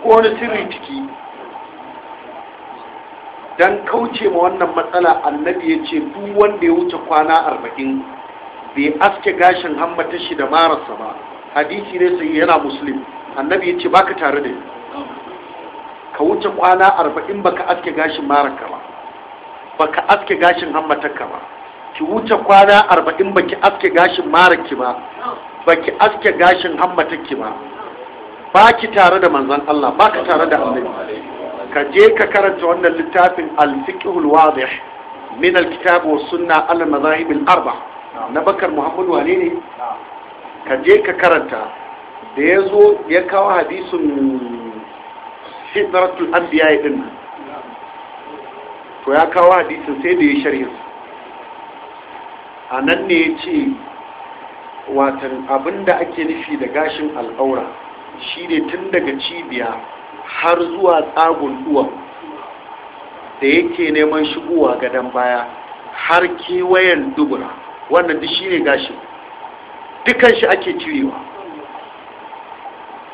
ko wani sirri ciki dan kauce ma wannan matsala annabi ya ce duk wanda ya wuce kwana arba'in bai aske gashin hammata shi da marasa ba hadisi ne sai yana muslim annabi ya ce baka tare da ka wuce kwana arba'in baka aske gashin maraka ba baka aske gashin ka ba ki wuce kwana arba'in baki aske gashin maraki ba baki aske gashin hammatakki ba ba ki tare da manzon Allah ba ka tare da annabi ka je ka karanta wannan littafin al-fiqhul wadih min al-kitab wa sunna al madahib al-arba na bakar muhammad wane ne ka je ka karanta da ya zo ya kawo hadisin hidratul anbiya din to ya kawo hadisin sai da ya sharhi a nan ne ya ce watan abinda ake nufi da gashin al'aura shi ne tun daga cibiya har zuwa tsagun duwan da yake neman shigowa gadon baya har kewayen dubura wannan duk ne gashin dukan shi ake cirewa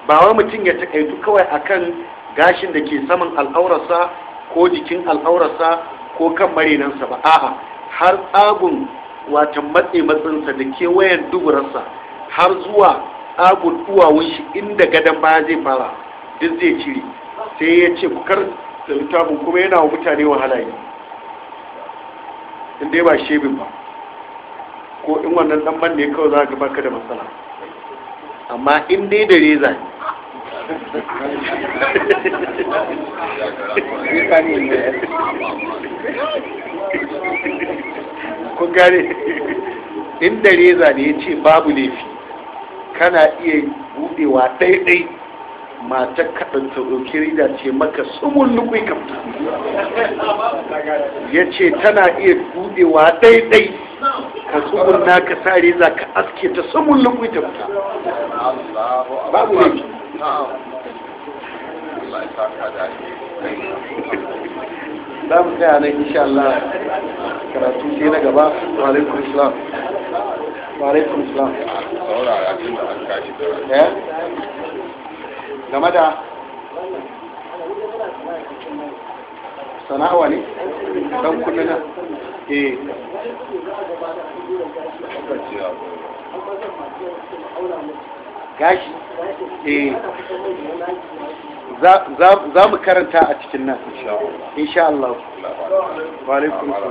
ba wa mutum ya takaitu kawai akan gashin da ke saman al'aurarsa ko jikin al'aurarsa ko kan marinansa ba a'a har tsagun wata matse matsinsa da kewayen duburarsa har zuwa agun duwawun shi inda gadon baya zai fara duk zai cire sai ya ce kar da littafin kuma yana wa mutane wahala yi inda ya ba shebin ba ko in wannan dan ne kawai za ga baka da matsala amma in dai da reza kun gane inda reza ne ya ce babu laifi kana iya budewa daidai. mata kaɗan ta ɗauki ce maka tsumun nukwai kamta ya ce tana iya buɗewa ɗaiɗai ka tsumun na ka sa reza ka aske ta tsumun nukwai ta fita babu ne za mu tsaya nan insha Allah karatu sai na gaba wa alaikum salam wa alaikum salam game da sana'awa ne don kuɗi na eh. gashi eh. za mu karanta a cikin nan insha Allah wa alaikum